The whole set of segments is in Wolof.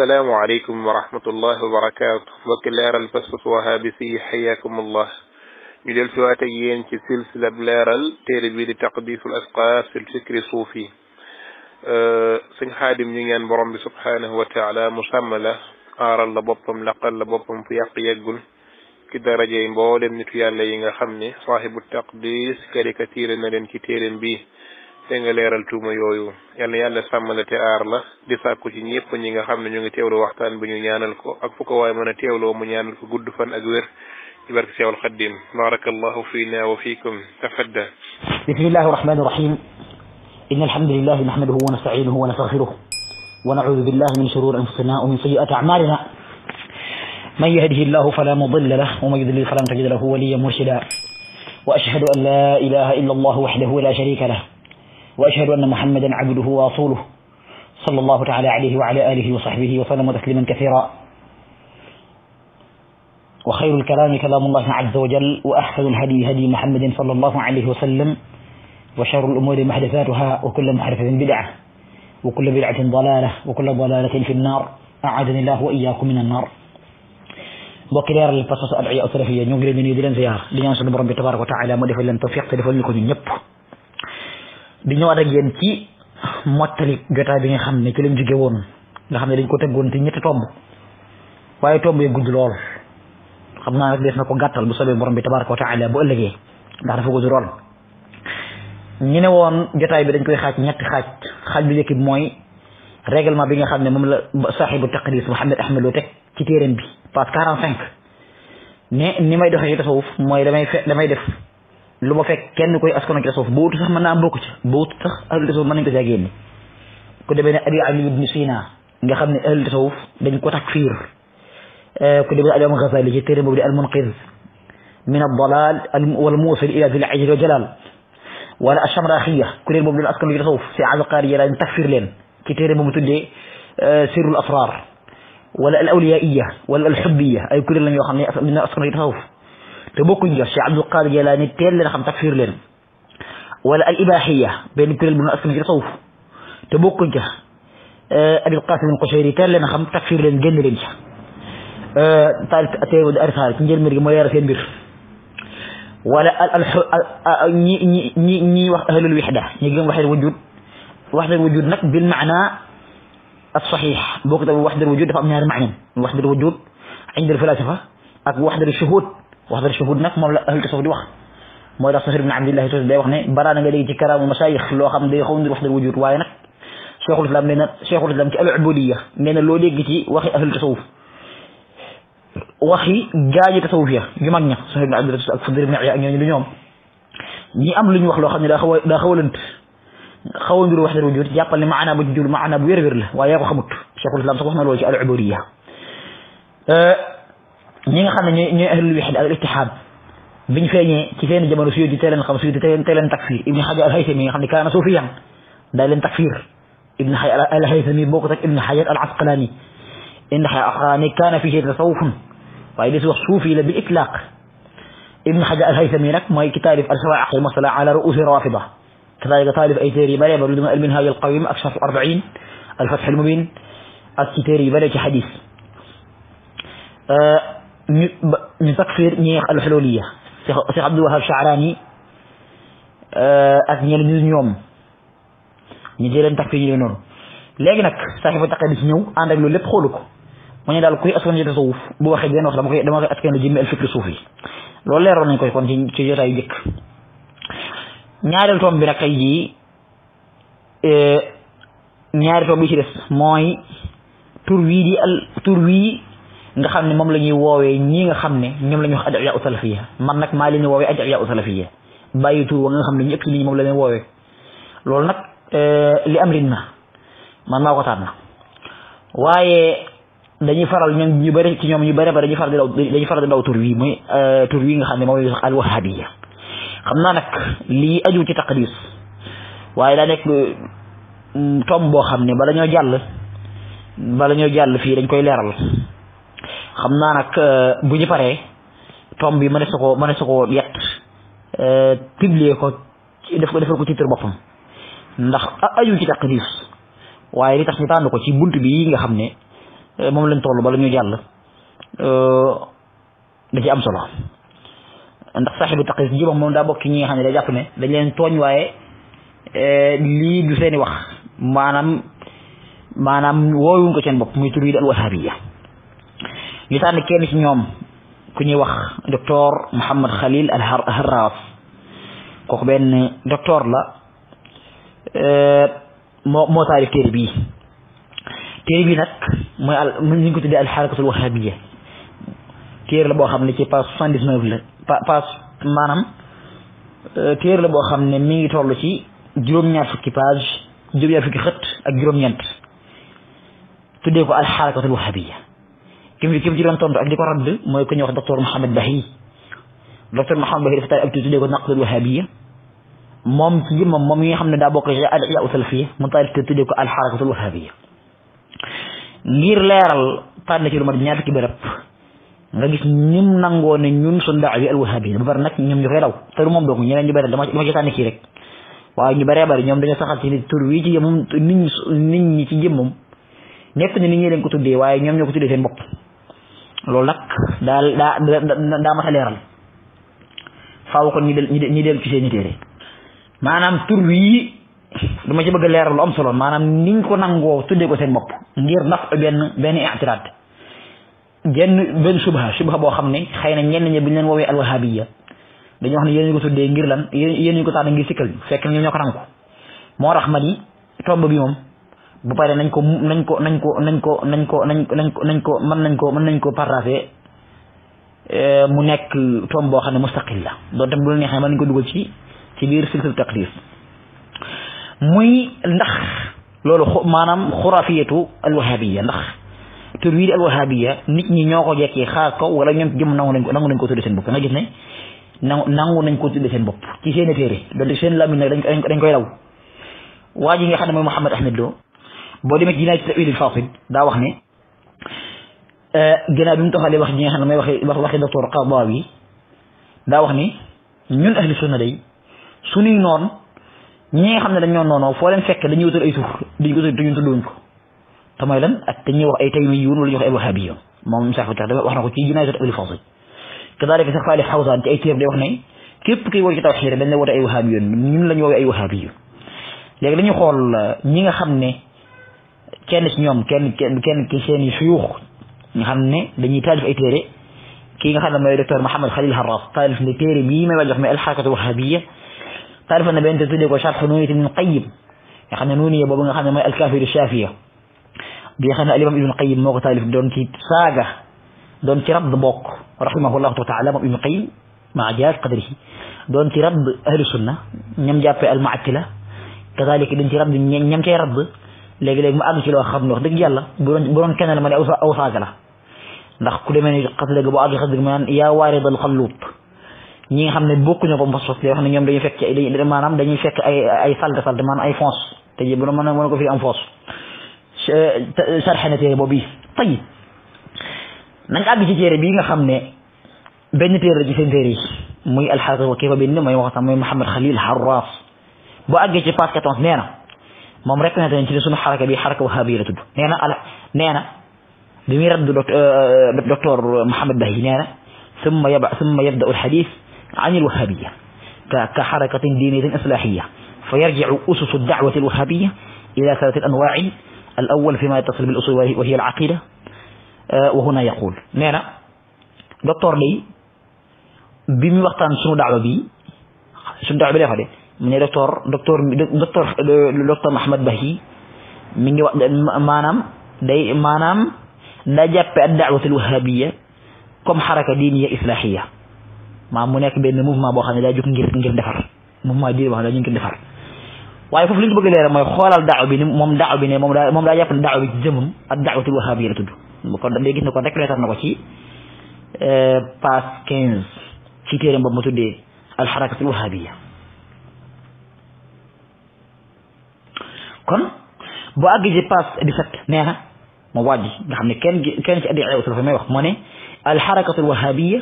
السلام عليكم ورحمة الله وبركاته وكل أرى الفسوس وهابسي حياكم الله مجلس واتيين في سلسلة بلارل تيربي لتقديس الأثقاف في الفكر الصوفي سن خادم نيان برم سبحانه وتعالى مسملة أرى لبطم لقل لبطم في أقيقن كدرجين بولم نتيان لينا خمني صاحب التقديس كاريكاتير نرين كتير به te nga leeral tuuma yooyu yal na yàlla sàmm la te aar la di sàkku ci ñëpp ñi nga xam ne ñu ngi teewlu waxtaan bi ñu ñaanal ko ak fu ko waaye mën a teewloo mu ñaanal ko gudd fan ak wér ci barke Seexul Xaddim baarakallahu fiina wa fiikum tafadda bismillahi rahmani rahim إن الحمد لله نحمده ونستعينه ونستغفره ونعوذ بالله من شرور أنفسنا ومن سيئات أعمالنا من يهده الله فلا مضل له ومن يضلل فلن تجد له وليا مرشدا وأشهد أن لا إله إلا الله وحده لا شريك له وأشهد أن محمدا عبده ورسوله صلى الله تعالى عليه وعلى آله وصحبه وسلم تسليما كثيرا وخير الكلام كلام الله عز وجل وأحسن الهدي هدي محمد صلى الله عليه وسلم وشر الأمور محدثاتها وكل محدثة بدعة وكل بدعة ضلالة وكل ضلالة في النار أعاذني الله وإياكم من النار mbokki leeral أدعي parce que ad'iya salafiyya ñoo ngi leen تبارك وتعالى di لن توفيق di ñaan suñu di ñëwaat ak yéen ci mottali jotaay bi nga xam ne ci lañ jóge woon nga xam ne dañ ko teggoon ci ñetti tomb waaye tomb yi gudd lool xam naa rek des na ko gàttal bu soobee borom bi tabaraka wa taala bu ëllëgee ndax dafa gudd lool ñu ne woon jotaay bi dañ koy xaaj ñetti xaaj xaaj bi njëkk mooy règlement bi nga xam ne moom la saaxibu taqdis Mouhamed Ahmed Lo teg ci téeréem bi page quarante cinq ne ni may doxee ci tasawuf mooy damay fe damay def lu ma fekk kenn koy askan ak tasawuf bootu sax mën naa bokk ci bootu sax ahlul tasawuf mën nañ ko caa génne ku demee ne abi ali ibn sina nga xam ne ahlu tasawuf dañ ko takfir ku demee ne al Ghazali ci téere boobu di al munqiz min al dalal wal musil ila dil ajri wa jalal wal wala ashamraxiya kuréel boobu doon askan ak tasawuf si qariya lañ takfir leen ci téere boobu tuddee sirul asrar wala al awliyaiya wala al xubbiya ay kuréel lañ yoo xam ne min askan ak tasawuf te bokkuñ jot Cheikh Abdul Qadir Jilani teel leen xam takfir leen wala al ibahiyya ben kuréel mu ñu askan ci tasawuf te bokku bokkuñ euh Abul Qasim qushairi teel leen xam takfir leen génn leen ci euh ca taalif teewu arisaar ci ngeen njëlbéen gi mo yara seen bir wala al al ñi ñi ñi wax ahlul wixda ñi gën waxee wujud waxdal wujud nak bil maana الصحيح بوقت وحدة الوجود دفع من هذا المعنى وحدة الوجود عند الفلاسفة أو وحدة الشهود wax dara shuhud nak mom la ahli tasawuf di wax moy tax safir ibn abdullah tos day wax ne bara na nga dégg ci karamu masayikh lo xam day xawndi wax dara wujur waye nak cheikhul islam neena cheikhul islam ci al ubudiyya neena lo loo ci waxi ahli tasawuf waxi gaaji tasawuf ya yu mag ña safir bin abdillah tos ak fadir ibn ya ak ñooñu du ñoom ñi am luñu wax lo xam ne daa xaw da xawalent xaw ndir wax dara wujur jàppal ni maana bu ci jul maanaa bu wér-wér la waye ko xamut cheikhul islam sax wax na lo ci al ubudiya ñi nga xamne ne ahlul wixid al ittihad biñ feñé ci seen jamono suyu di leen xam suyu di tey leen takfir ibn hajar al haythami nga xamne kana kaana suufiyan day leen takfir ibn hajar al haythami boko tak ibn hajar al asqalani ibn hajar al asqalani kaana fi tasawufun waaye des wax suufi la bi itlaq ibn hajar al haythami nak moy ki al sawaiq al masala ala ruusi rawafida كذلك طالب أي تيري بلا برد المنهاج القويم أكشف 40 الفتح المبين التيري بلا حديث من تكفير نيخ الحلولية شيخ عبد الوهاب الشعراني اثنيا آه، لنيز نيوم نيجي لن تكفير نيوم نور لكن صاحب التقريب سنو عندك لو لب خلوك من يدال كوي أسوان يتصوف بو أخي بيان وخلا مخي دماغي أسكين لجيم الفكر صوفي لو اللي رونا نكوي كون تيجي رأي ديك نيار التوم بنا كيجي نيار التوم بيشي آه، دس موي تروي دي nga xam ne moom la ñuy woowee ñii nga xam ne ñoom la ñuy wax adiya man nag maa leen di woowee adiya u salafiya bàyyi tur wa nga xam ne ñu ëpp ci nit ñi moom la leen woowee loolu nag euh, li am rin na man maa ko tànn waaye dañuy faral ñoom ñu bëri ci ñoom ñu bëri ba dañuy faral di daw dañuy faral di daw tur euh, tur wi nga xam ne moom la ñuy wax al wahabiya xam naa nag lii aju ci taqdis waaye daa nekk mm, tom boo xam ne bala ñoo jàll bala ñoo jàll fii dañ koy leeral xam naa nag euh, bu ñu paree tom ma mënees na koo mënees na koo yett euh, publier ko def ko defal ko titre boppam ndax aju ci taqdiis waaye li tax ñu tànn ko ci bunt bi nga xam ne euh, moom lañ toll bala ñu jàll da ci am solo ndax saaxibu taqdiis ji moom daa bokk ñi nga xam ne day jàpp ne dañ leen tooñ waaye lii du seeni wax maanaam maanaam woowuñ ko seen bopp muy tur yi di al ñu tànn kenn ci ñoom ku ñuy wax docteur Mouhamed Khalil al Harras kooku benn docteur la moo moo taarif téere bii téere bi nag mooy al ñu ngi ko tuddee al harakatul wahabiya téere la boo xam ne ci page soixante dix neuf la page maanaam téere la boo xam ne mi ngi toll ci juróom-ñaar fukki page juróom-ñaar fukki xët ak juróom-ñeent tuddee ko al harakatul wahabiya kim fi kim ci doon tontu ak di ko radd mooy ku ñuy wax docteur Mouhamed Bahi docteur Mouhamed Bahi dafa taal ab tuddee ko naqdul wahabiyya moom ci jëmmam moom yi nga xam ne daa bokk ci al ihya salafiyya mu taal ko tuddee ko al harakatul wahabiyya ngir leeral tànn ci lu mat ñaar fukki bërëb nga gis ñim nangoo ne ñun suñ daaw yi al wahabiyya ba bari nag ñoom ñu koy daw te du moom dong ñeneen ñu bëri dama dama ci tànn kii rek waaye ñu bëree bëri ñoom dañoo saxal ci tur wi ci jëmmam nit ñi ci jëmmam nekk na ni ñi leen ko tuddee waaye ñoom ñoo ko tuddee seen bopp loolu nag daal daa daa mat a leeral faaw kon ñi del ñi del ci seeni téere maanaam tur wi dama ci bëgg leeral lu am solo maanaam niñ ko nangoo tuddee ko seen bopp ngir naf benn benn i'tiraad genn benn subha subha boo xam ne xëy na ñenn ñi bu ñeen leen woowee alwahabiya dañoo wax ne yéen ko tuddee ngir lan yéen ñu ko tax ngir sikkal fekk na ñoo ko nangu moo tax ma ni tomb bi moom bu paree nañ ko nañ ko nañ ko nañ ko nañ ko nañ nañ ko nañ ko mën nañ ko mën nañ ko parrafé euh, mu nekk tomb boo xam ne mustaqil la doon tam bu la ko dugal ci ci biir silsil taqdis muy ndax loolu maanaam xurafiyatu alwahabiya ndax tur wii di alwahabiya nit ñi ñoo ko jekkee xaar ko wala ñoom jëm nangu nañ ko nangu nañ ko tudde seen bopp nga gis nangu nañ ko tudde seen bopp ci seen i téere doonte seen làmmiñ nag dañ koy dañ koy law waa ji nga xam ne mooy Mouhamed Ahmed Lo boo demee ci Hinaayatu Ta'wiilil Faaqid daa wax ne ginnaaw bi mu toxalee wax ji nga xam ne may waxee wax waxi docteur Qadaawi daa wax ni ñun ahli sunna day suñuy noon ñi nga xam ne dañ ñoo noonoo foo leen fekk dañuy wutal ay tur dañ ko tudd te ñun tudduñ ko te mooy lan ak dañuy wax ay taymiyuun wala ñu wax ay wahaabiyoon moom sax dafa wax na ko ci Hinaayatu Ta'wiilil Faaqid kadaalika sax Faalih Xawsaan ci ay téeram day wax ne képp kuy woo ci tawxiid dañ la woote ay wahaabiyoon ñun la ñu woowee ay wahaabiyoon léegi dañu xool ñi nga xam كان نيوم كان كان كيسيني شيوخ نخمني دني تاج في إيطاليا كي نخمن ما يدكتور محمد خليل هراس تعرف إن إيطاليا مي ما بجح من الحركة الوهابية تعرف إن بنت تودي وشاف خنوية من قيم يخمن نوني يا بابا نخمن ما الكافر الشافية بيخمن الإمام ابن قيم موقع تعرف دون كي ساجة دون كي رب بوك رحمه الله تعالى ابن قيم مع جاز قدره دون كي رب أهل السنة نم جاب المعتلة كذلك دون كي رب نم كي رب léegi-léegi mu àgg ci loo xam ne wax dëgg yàlla bu doon bu doon kenn la ma ne aw saaga la ndax ku demee ni xas léegi bu àgg xas dëgg ma naan yaa waaridal xalluut ñi nga xam ne bokkuñu ko mos li wax ne ñoom dañuy fekk ci ay maanaam dañuy fekk ay ay salte salte maanaam ay fonce te ji bu doon mën a mën ko fi am fonce sarxe na téere boobu yi tey nañ àgg ci téere bii nga xam ne benn téere la ci seen téere yi muy alxaafis wa kifa bind mooy wax sax mooy Muhammad Xalil Harras boo àggee ci page 14 nee na moom rek nañ ci ne suñu xaraka bi xaraka wahabi la tudd nee na ala nee na bi muy raddu docteur Mouhamed Bahji nee na summa yaba summa yabda alxadis an alwahabiya ka ka xarakatin diiniyatin islahiya fa yarjicu ususu dacwati alwahabiya ila salaati anwaacin alawal fi ma yattasil bil usul wa hiya alaqida wa huna yaqul nee na docteur day bi muy waxtaan suñu dacwa bi suñu dacwa bi lay wax de mu ne docteur docteur docteur docteur Mahamad Bahi mi ngi wax maanaam day maanaam nda jàppe ak daawatul wahabiya comme xaraka diiniya islahiya maam mu nekk benn mouvement boo xam ne daa jóg ngir ngir defar mouvement diine boo xam ne daa jóg ngir defar waaye foofu li ñu bëgg a leeral mooy xoolal daaw bi ni moom daaw bi ne moom daa moom daa jàpp ne daaw bi ci jëmmam ak daawatul wahabiya la tudd kon day gis ne kon rek leetar na ko ci euh, page quinze ci téeram boobu ma tuddee alxarakatul kon bu ci passe 17 fat neena mo waaj nga xamne ken ken ci adi ayu dafa may wax moo ne al alwahabiya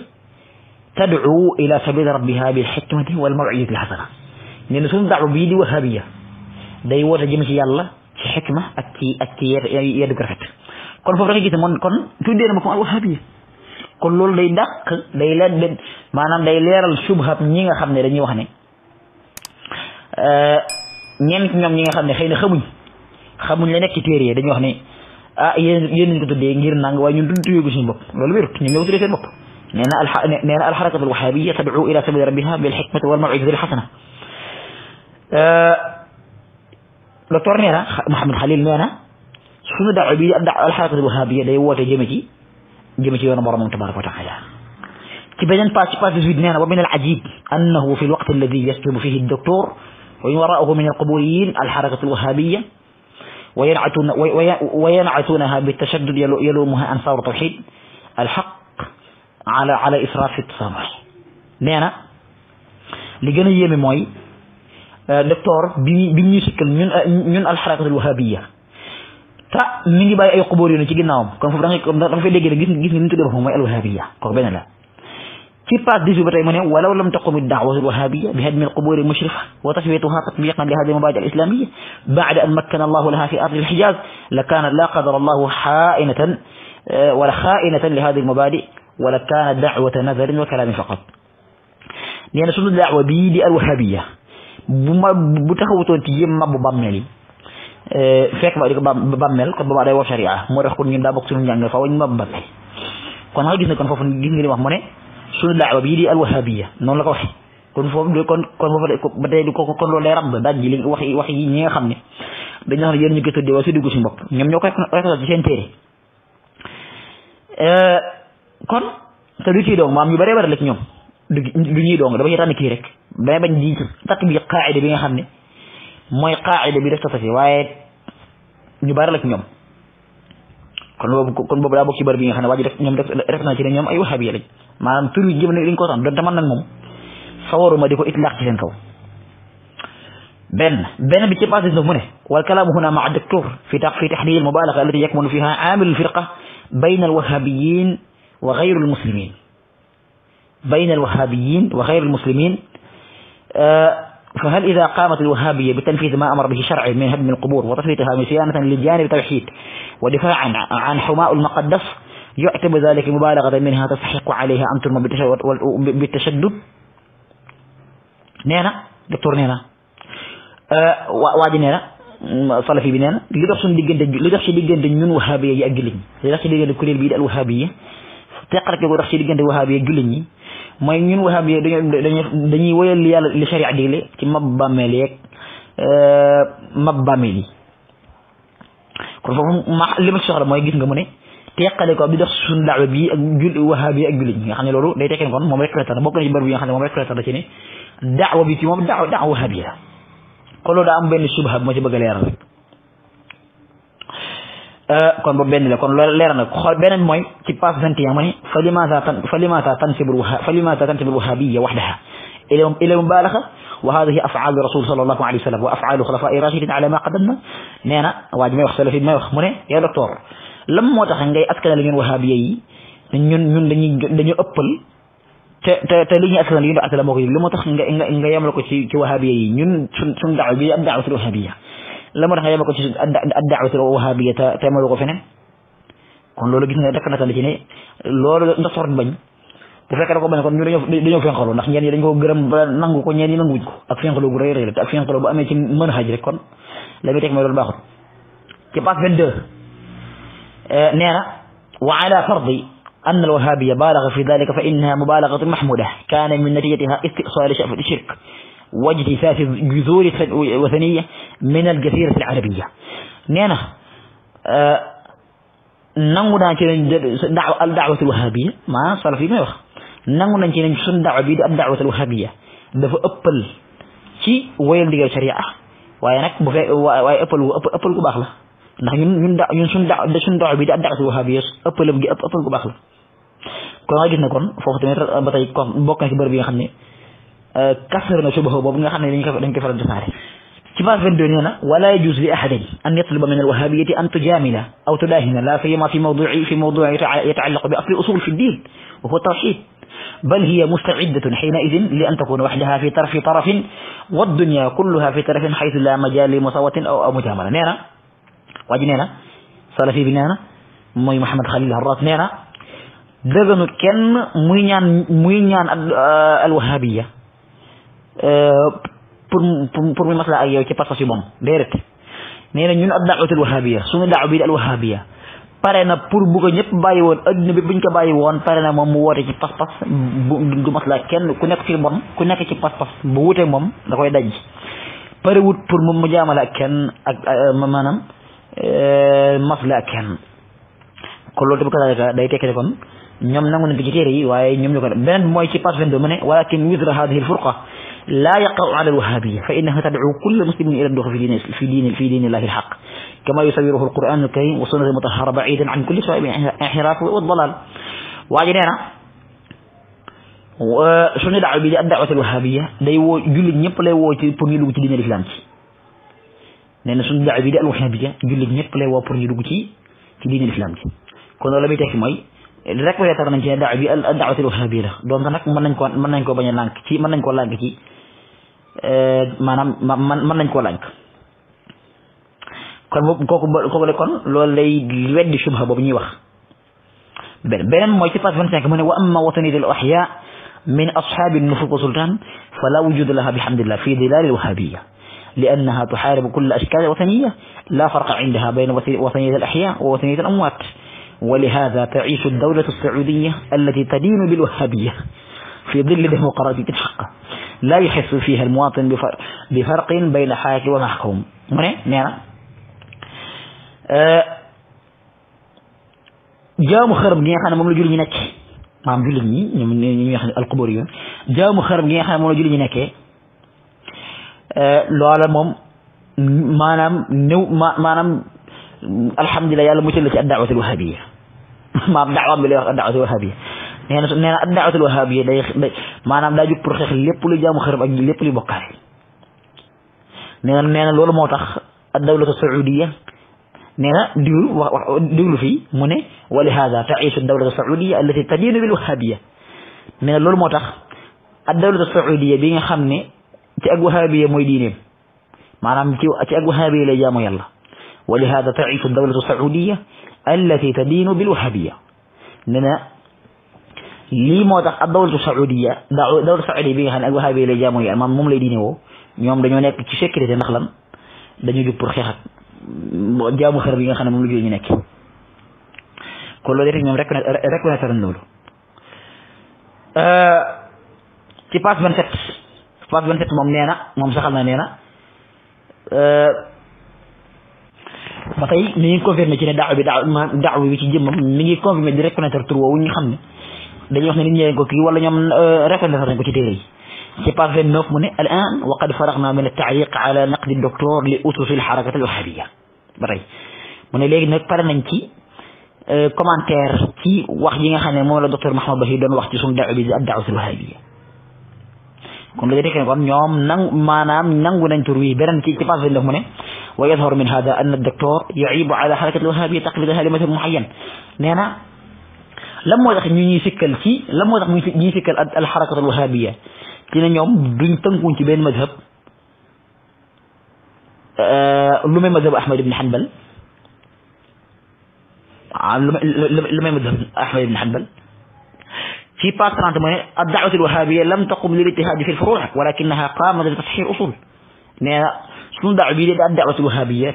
tad'u ila sabil rabbiha bil bilxikmati walmawcidati alxasana hasana na sun da'u bi di wahabiya day wota jëm ci yàlla ci hikma ak ci ak ci yedd gu rafet kon fofu da nga gis ne moom kon tuddee na al alwahabiya kon loolu day dak day la manam day leral subhab ñi nga xamne dañuy wax ne ñenn ci ñoom ñi nga xam ne xëy na xamuñ xamuñ la nekk ci téere yi dañuy wax ne ah yéen yéen lañ ko tuddee ngir nang waaye ñun tuddee ko suñu bopp loolu wérut ñoom ñoo tuddee seen bopp nee na al nee na alxarakatu alwahabiya tadcu ila sabili rabbiha bilxikmati walmawcidati alxasana docteur nee na Mouhamed Khalil nee na suñu daaw bi ab daaw alxarakatu alwahabiya day woote jëme ci jëme ci yoonu boromam tabaraka wa taala في بدن باس باس زيد نانا ومن العجيب أنه في الوقت الذي يسلم فيه الدكتور ومن وراءه من القبوريين الحركة الوهابية وينعتون وينعتونها بالتشدد يلومها أنصار التوحيد الحق على على إسراف التسامح نانا لجنية مموي دكتور بميوسيكل من الحركة الوهابية تا ميني باي اي قبور يوني تي غيناوم كون فوب داغي كون داغي ديغي غيس غيس ني نتو ديفو موي الوهابيه كور بين لا كي باس دي جوبتاي مني ولو لم تقم الدعوة الوهابية بهدم القبور المشرفة وتشويتها تطبيقا لهذه المبادئ الإسلامية بعد أن مكن الله لها في أرض الحجاز لكان لا قدر الله حائنة آه، ولا خائنة لهذه المبادئ ولكان دعوة نذر وكلام فقط لأن شنو الدعوة بيد الوهابية بتخوتون تيم ما ببامني آه، فيك ما يدك ببامل كبر بعد وشريعة مرخون يندابك سنو جانجل فوين ما ببامل كون هاي جسنا كون فوفن جسنا لي مهمني suñu daawa bii di alwahabiya noonu la ko waxee kon foofu kon kon foofu ba tey di ko kon loolu day wax wax ñi nga xam ne dañu xam ne yéen ñu koy tuddee wala su dugg suñu bopp ñoom ñoo euh, kon te du ciy doong ñoom du du ñuy doong dama ci tànn kii rek damay bañ bi nga xam ne mooy qaacida bi def tasasi waaye ñu bëri la ñoom kon boobu kon boobu daa bokk ci bi nga xam ne waa ji def ñoom def na ñoom ay wahabiya lañ manam tur wi jëm ne dañ ko tam donte man nag moom sawaruma ma diko itlaq ci sen kaw ben ben bi ci passage na mu ne wal kalamu huna maa doctor fi taqfi fi taxdiir mubalaga allati yakmunu fiha aamilu firqa bayna al wahhabiyyin wa ghayr al muslimin بين الوهابيين وغير المسلمين فهل إذا قامت الوهابية بتنفيذ ما أمر به شرعي من هدم القبور وتثبيتها مسيانة لجانب التوحيد ودفاعا عن حماء المقدس يعتبر ذلك مبالغة منها تستحق عليها أن ترمى بالتشدد نينا دكتور نينا آه وادي نينا صلى في بنينا لدخش ديجند لدخش ديجند نون وهابية يأجلين لدخش ديجند كل البيد الوهابية تقرا كي ودخش ديجند وهابية جلني ما ينون وهابية دني دني ويا اللي اللي شري عديلة كم بامليك آه مبامي كل فهم ما لمن شغل ما يجيب جمونه teqale ko bi dox suñu daawa bi ak jul wahaabi ak jullit nga xam ne loolu day tekkee kon moom rek wetal bokk na ci bërëb yi nga xam ne moom rek wetal ci ne daawa bi ci moom daawa daawa wahaabi la kon loolu daa am benn subha bu ma ci bëgg a leeral rek kon boobu benn la kon loolu leeral na xool beneen mooy ci passe vingt et un ma ne fa limaasa tan fa limaasa tansibu lwaha fa limaasa tansibu lwahaabiya waxdaha ila ila mubaalaxa wa haadihi afaalu rasul sallallahu alayhi wa sallam wa afaalu xulafaai rachidin ala ma qadamna nee na waa ji may wax salafi may wax mu ne yaa docteur lam moo tax ngay askanale ñun wahaabiya yi ñun ñun dañuy dañu ëppal te te te li ñuy askanale yi ñu doon askanale moo ko yëg la moo tax nga nga yemal ko ci ci wahaabiya yi ñun suñ suñ daaw bi ab daawatul wahaabiya la moo tax nga yemal ko ci ab daawatul wahaabiya te te yemal ko feneen kon loolu gis nga dakk na tànn ci ne loolu ndax soxna bañ bu fekkee da ko bañ kon ñu dañoo dañoo fenqaloo ndax ñeen ñi dañ ko gërëm ba nangu ko ñeen ñi nanguwuñ ko ak fenqaloo gu rëy rëy la te ak fenqaloo bu amee ci mën xaj rek kon la muy teg mooy loolu baaxul ci passe 22 آه، نرى وعلى فرض أن الوهابية بالغ في ذلك فإنها مبالغة محمودة كان من نتيجتها استئصال شعفة الشرك واجتساس جذور وثنية من الجزيرة العربية نرى نعود نحن دعوة الدعوة الوهابية ما صار في ميوخ نعود نحن نحن دعوة الدعوة الوهابية دفع أبل شي ويل ديال الشريعة waye nak bu fe waye apple apple ko bax la ndax ñun ñun da ñun suñ da suñ daaw bi di ab daawatu wahabiya ëpp gi ëpp ëppal ku baax la ko nga gis na kon fofu tamit ba tay kon bokk ci bërëb bi nga xamni euh kasar na subaha bobu nga xamni dañ ko dañ ko faral di ci base 22 neena wala yajuz li ahad an yatluba min al alwahabiyati an tujamila aw tudahina la fi ma fi mawdu'i fi mawdu'i yata'allaq bi asli usul fi din wa huwa tawhid بل هي مستعدة حينئذ لأن تكون وحدها في طرف طرف والدنيا كلها في طرف حيث لا مجال لمساواة أو مجاملة نينا waa ji salafi bi nee na mooy Mouhamed Khalil Harras nee na dëgganut kenn muy ñaan muy ñaan alwahabiya pour pour pour muy masla ak yow ci pas-pas yu bon déedéet nee na ñun ak suñu pour bu ko ñep bàyyi won aduna bi buñ ko bàyyi won parena mom mu wote ci pass pass du masla kenn ku nekk ci mom ku nekk ci pass pass bu wutee mom da koy daj pare wut pour mu jaamale kenn ak manam mas la ak kenn kon loolu tamit kazaalika day tekki kon ñoom nangu nañ ko ci téere yi waaye ñoom ñu ko def beneen ci page 22 mu walakin wizra hadihi alfurqa لا يقع على الوهابية فإنها تدعو كل مسلم إلى الدخول في دين في دين في دين الله الحق كما يصوره القرآن الكريم والسنة المطهرة بعيدا عن كل سواء الانحراف والضلال واجينا شنو دعوة بالدعوة الوهابية دايو جل نيب لاي وو تي بومي لو تي دين الإسلام nee sun daa bi di al alwaxabiya jullit ñëpp lay wo pour ñu dugg ci ci diine l'islam ci kon loolu la muy tekki mooy rek tar nañ ci daa bi al da'wat al alwaxabiya la donc nak man nañ ko man nañ ko baña lànk ci man nañ ko lànk ci euh manam man nañ ko lànk kon boobu kooku kooku le kon loolu lay wedd shubha bobu ñuy wax ben benen moy ci page 25 mune wa amma watani wataniyatul ahya min ashaabi nufuq wa sultaan fala wujud laha bihamdillah fi dilal alwahabiya لأنها تحارب كل أشكال الوثنية لا فرق عندها بين وثنية الأحياء ووثنية الأموات ولهذا تعيش الدولة السعودية التي تدين بالوهابية في ظل ديمقراطية الحق لا يحس فيها المواطن بفرق, بفرق بين حاكم ومحكوم جاء مخرب gi nga xam ne moom la julli ñi nekk maam julli ñi ñoom ñi nga xam loola moom maanaam néew ma maanaam alhamdulilah yàlla muccal la ci addaawatul wahabiya maam daawaam bi lay wax addaawatul wahabiya nee na nee na addaawatul wahabiya day day maanaam daa jóg pour xeex lépp lu jaamu xërëm ak lépp lu bokkaale nee na nee na loolu moo tax addawlatu saudiya nee na diwlu wax wax diwlu fii mu ne wa li hada taisu dawlatu saudiya allati tadiinu bil wahabiya nee na loolu moo tax addawlatu saudiya bi nga xam ne ci ak wahaabiya mooy diineem maanaam ci ci ak wahaabiya lay jaamu yàlla wa lihaada taifu dawlatu saudiya allati tadiinu bilwahaabiya nee na lii moo tax ak dawlatu saudiya dawlatu saudiya bi nga xam ne ak wahaabiya lay jaamu yàlla maanaam moom lay diine woo ñoom dañoo nekk ci sécurité ndax lan dañu jug pour xeex ak jaamu xërëm yi nga xam ne moom la ñu nekk kon loolu itam ñoom reconnaître nañ loolu ci page 27 tubaab bi wanteet moom nee na moom saxal na nee na ba tey mi ngi confirmé ci ne daaw bi daaw daaw bi ci jëmmam mi ngi confirmé di reconnaître tur woowu ñu xam ne dañuy wax ne nit ñee ko kii wala ñoom reconnaître nañ ko ci téere yi ci page 29 mu ne al an wa qad faragna min at-ta'liq ala naqdi doctor li usus al-harakat al-wahhabiyya ba tey mu ne léegi nag pare nañ ci commentaire ci wax yi nga xam ne moom la docteur Mahamad Bahir doon wax ci suñu daaw bi ad-da'wat al-wahhabiyya kon lay dekk kon ñom nang manam nangu nañ tur wi benen ci ci pass bi def mu ne wa yadharu min hada anna ad docteur yaibu ala harakat al alwahabia taqlidaha li madhab muayyan nee na lan tax ñu ñi sikkal ci lam mo tax ñu ñi sikkal al harakat al alwahabia ci na ñom duñ tënkuñ ci madhhab euh lu may madhhab ahmad ibn hanbal lu may madhhab ahmad ibn hanbal في بارت الدعوة الوهابية لم تقم للاجتهاد نعم، في الفروع ولكنها قامت لتصحيح أصول nee شنو دعوه daaw الدعوه الوهابيه؟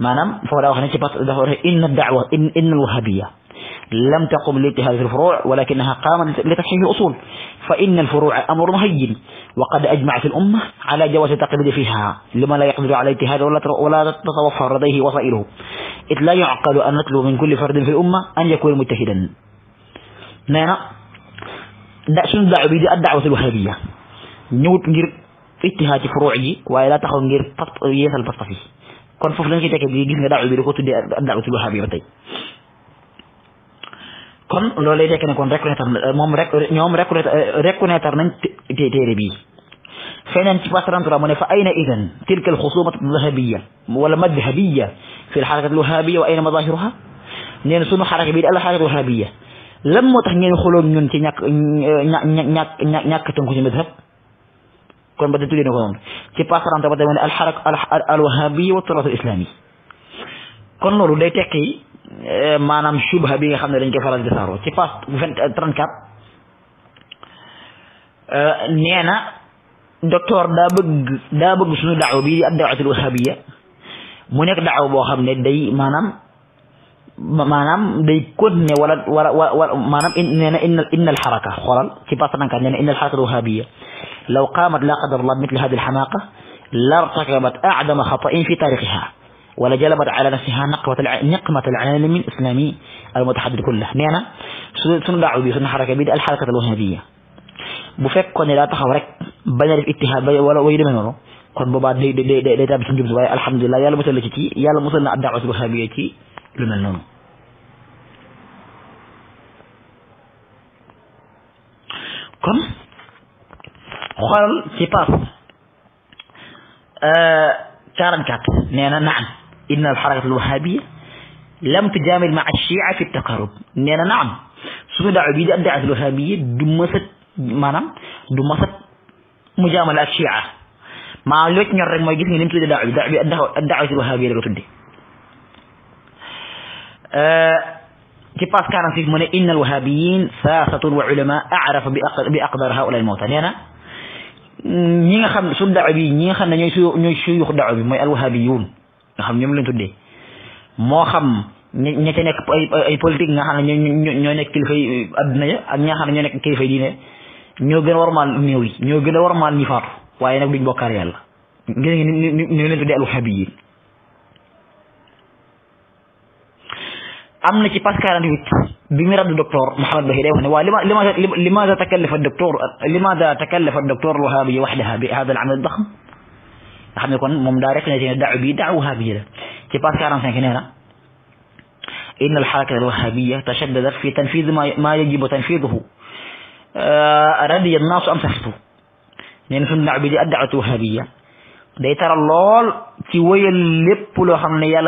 ما daawatu wahabiyya maanaam foofu إن wax إن ci parce لم تقم للاجتهاد في الفروع ولكنها قامت لتصحيح الأصول فإن الفروع أمر مهين وقد أجمعت الأمة على جواز التقليد فيها لما لا يقدر على اجتهاد ولا ولا تتوفر لديه وسائله إذ لا يعقل أن نطلب من كل فرد في الأمة أن يكون مجتهدا نعم da suñu daaw bi di ak daawatul wahabiyya ñëwut ngir ittihaad ci furuu yi waaye daa taxaw ngir fas yeesal pas-pas yi kon foofu lañ koy tekkee bi gis nga daaw bi da ko tuddee ak daawatul wahabiyya ba tey kon loolu lay tekki ne kon reconnaître moom rek ñoom reconnaître nañ téere bii فعلا في باتران ترى من فأين إذن تلك الخصومة الذهبية ولا مذهبية في الحركة الوهابية وأين مظاهرها؟ لأن سنو حركة بيد الله حركة وهابية lan a tax ngeen ñun ci ñàkk ñàkk ñàkk ñàkk tënku ci madhab kon ba tey tuddee na ko noonu ci page 30 ba tey mu ne alxarak kon loolu day tekki eh, maanaam shubha bi nga xam ne dañ koy faral di saaro ci page 34 eh, nee na docteur daa bëgg daa bëgg bi di ad daawatul wahabiya mu nekk daaw ne day manam day continuer wala wala wala inna nee inna al haraka xoolal ci passe nee na inna haraka ruhabiya law qamat la qadar allah mitl hadi la lartakabat a'dama khata'in fi taarixiha wala jalabat ala nafsiha al niqmat alam al islami al nee kullah su suñu da'u bi suñu haraka bi al haraka al alwahabiya bu fekkone la taxaw rek bañ a def ittihaad wala way demee noonu kon boba day day day tab sunu si way waaye yàlla musalla ci ci yàlla musalla ad ad al wahabiya ci le malnomme. Comme xoolal ci paas 44 nee na naam inna alxarakatu alwahabiya lam tujaamil maa alshia fi takarub nee na naam suñu daaw bii di ak daat alwahabiya du masat maanaam du masat mujaamala ak shia maanaam loo ci ñor rek mooy gis nga ni mu tudde daaw bi daaw bi ak daaw alwahabiya la ko tudde Eh, ci page 46 mu ne inna alwahabiyin saasatun wa ulama arafa bi aqdar haula almawta nee na ñi nga xam su daaw bi ñi nga xam ne ñooy su ñooy suyux daaw bi mooy alwahabiyun nga xam ñoom lañ tuddee moo xam ña ca nekk ay ay politique nga xam ne ñoo nekk kilifa yi adduna ya ak ñi nga xam ne ñoo nekk kilifa yi diine ñoo gën a warmaal néew yi ñoo gën a warmaal ñi faatu waaye nag duñ bokkaar yàlla ngir ngeen ni ñu leen tuddee alwahabiyin امنا كي باسكال بميرة الدكتور محمد بهيري وهنا لماذا لماذا تكلف الدكتور لماذا تكلف الدكتور الوهابي وحدها بهذا العمل الضخم؟ نحن نكون ممدارك نجي ندعو به دعوه وهابيه كي باسكال هنا ان الحركه الوهابيه تشددت في تنفيذ ما ما يجب تنفيذه اردي آه، الناس ام تفتو لان في النعبي ادعت وهابيه ديتر الله تويل لبولو خمني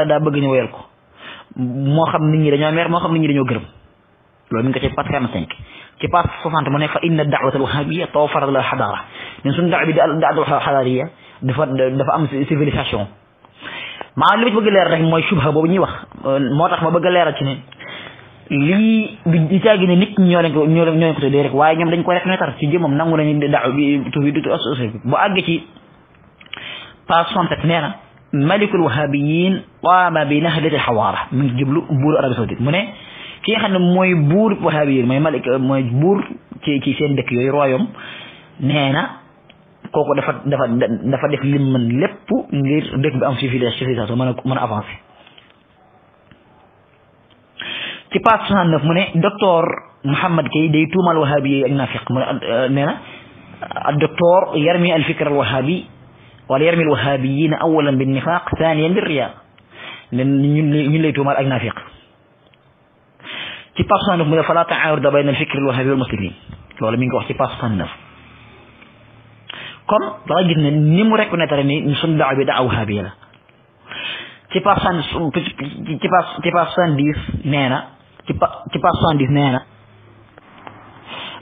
mo xam nit ñi dañoo mer mo xam nit ñi dañoo gërëm loolu mi ngi ko ci page 45 ci page 60 mo ne fa inna da'watul wahabiyya tawfar la hadara ñun sun da'bi da'al da'wata hadariyya dafa dafa am civilisation maanaam li ma ci bëgg leer rek moy shubha bobu ñi wax motax ma bëgg leer ci ne li bi di tagi ne nit ñoo ñi ñoo leen ñoo leen ko tuddee rek waye ñam dañ ko rek netar ci jëmmam nangu nañu daaw bi tu bi tu as bu agge ci page 67 neena malikul wahabiyyin وما بينها لدى الحوارة من جبل بور عربي سعودي من كي خن موي بور وهابير ماي مالك موي بور كي كي سين دك يوي رايوم نينا كوكو دفا دفا دفا ديف لي من ليب غير ديك بي ام في فيلاج شيفيتا سو مانا مانا افانسي تي باس 69 من دكتور محمد كي دي تومال وهابي نافق نينا الدكتور يرمي الفكر الوهابي وليرمي الوهابيين اولا بالنفاق ثانيا بالرياء leen ñun ñun lay tuumaal ak naafiq ci page 69 mu ne fala ta'aruda bayna al-fikr al-wahabi wal muslimin loolu mi ngi ko wax ci page 69 kon da nga gis ne ni mu reconnaître ni suñu daaw bi daaw wahabi la ci page 70 ci page ci page 70 nee na ci pa ci page 70 nee na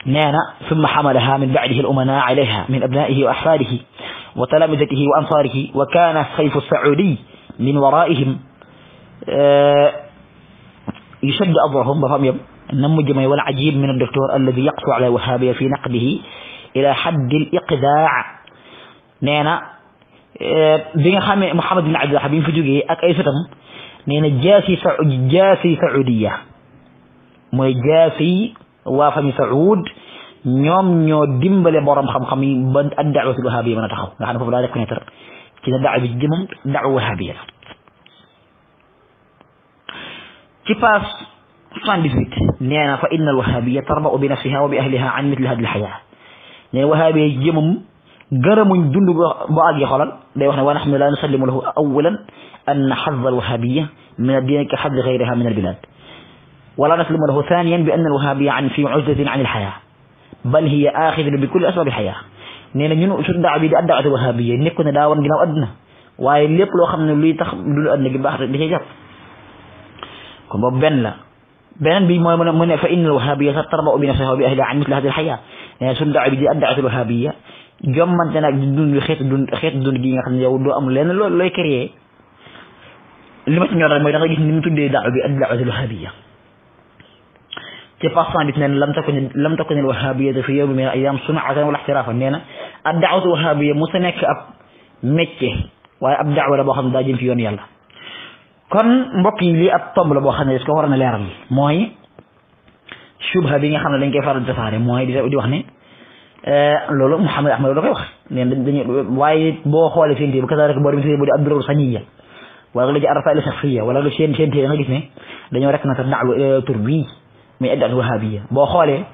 nee na summa xamalaha min ba'dihi al-umana alayha min abnaihi wa ahfadihi wa talamidatihi wa ansarihi wa kana sayfu saudi min waraihim آه، يشد أظهرهم وهم النموج ما يولى عجيب من الدكتور الذي يقسو على وهابية في نقده إلى حد الإقذاع نينا آه، بين خامي محمد بن عبد الحبيب في جوجي أك أي فتم جاسي سعود جاسي سعودية موي جاسي سعود نيوم نيو ديمبالي بورم خم خمي بند الدعوة في الوهابية من تخو نحن فوق ذلك كنا دعوة جمم دعوة وهابية في باس 78 نينا فإن الوهابية تربأ بنفسها وبأهلها عن مثل هذه الحياة نينا الوهابية جمم قرم دند بعض يخلال دي وحنا ونحن لا نسلم له أولا أن حظ الوهابية من الدين كحظ غيرها من البلاد ولا نسلم له ثانيا بأن الوهابية عن في عزة عن الحياة بل هي آخذ بكل أسباب الحياة نينا نينا شد عبيد أدعى الوهابية نكون داوان جناو أدنى وإن يقلوا خمنا لي تخمدوا أدنى جباحة بشيء جاب كن ببن لا بيان بما فإن الوهابية تربأ بنفسها وبأهلها عن مثل هذه الحياة يعني سندع بدي أدعت الوهابية جمن تناك دون خيط دون خيط دون جينا خلنا يو دو أمر لأن لو لو يكريه li ma ci ñor mooy da nga gis ni mu tuddee daaw bi ad al-wahabiyya ci passant bi nee lam takun lam takun al-wahabiyya fi yawmin min ayyam sun'atan wala ihtirafan nee na al-wahabiyya mu sa nekk ab métier waaye ab daawa la boo xam ne jëm ci yoon yàlla kon mbokk yi lii ab tomb la boo xam ne des ko war na leeral mooy subha bi nga xam ne dañ koy faral di tasaare mooy di wax ne loolu Mouhamed Ahmad da koy wax neen dañu waaye boo xoolee seen téye bu kasaare rek boo demee seen bu di Abdurul Saniya wala la ci wala la seen seen téye da nga gis na ta naaw tur bii muy addat wahabiya boo xoolee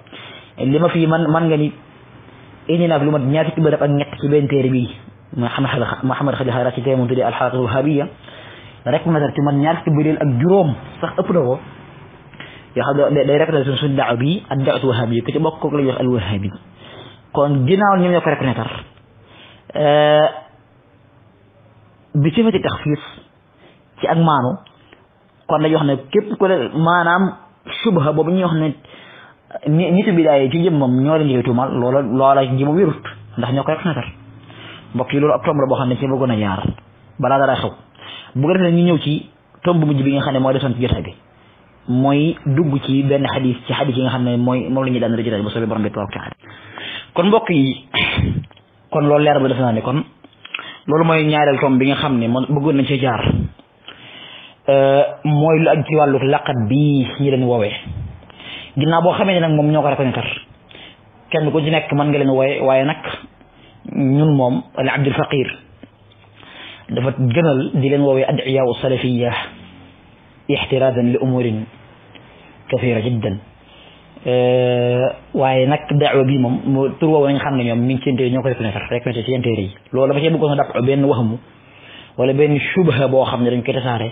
li ma fi man man nga ni naa fi lu mat ñaati ci bërëb ak ñett ci benn téere bii Mouhamed Khalil Khalil Rashi téere mu tuddee alxaqil wahabiya répéter ci man ñaar fukki bëriel ak juróom sax ëpp na ko yoo xam day répéter suñ suñ ak daawatu yi ci bokk la ñuy wax kon ginnaaw ñoom ñoo ko répéter eh, bi ci fa ci ci ak maanu kon dañuy wax ne képp ko ne maanaam subha boobu ñuy wax ne nitu bidaay ci jëmmam ñoo leen di koy tuumal loola loola wérut ndax ñoo ko répéter mbokk yi loolu ak tomb la boo xam ne ci bëggoon na ñaar balaa dara xew bu ko defee ñu ñëw ci tomb bu mujj bi nga xam ne mooy desoon ci jotaay bi mooy dugg ci benn xadis ci xadis yi nga xam ne mooy moom la ñuy daan jotaay bu soobee borom bi tabaraka taala kon mbokk yi kon loolu leer ba def naa ne mooy ñaareel tomb bi nga xam ne moom bëggoon nañ ci jaar euh, mooy wàllu laqab bi ñi leen woowee ginnaaw boo xamee nag moom ñoo ko reconnaître kenn ku ci nekk mën nga leen wooye waaye nag ñun moom al abdul faqir dafa gënal di leen woowee adiya u salafiya ixtiraadan li umurin kafira jiddan waaye nag daawa bi moom mu tur woowu nañ xam ne ñoom mi ngi seen téere ñoo ko reconnaître reconnaître seen téere yi loolu dafa cee bëggoon a dàq benn waxamu wala benn subha boo xam ne dañ koy tasaare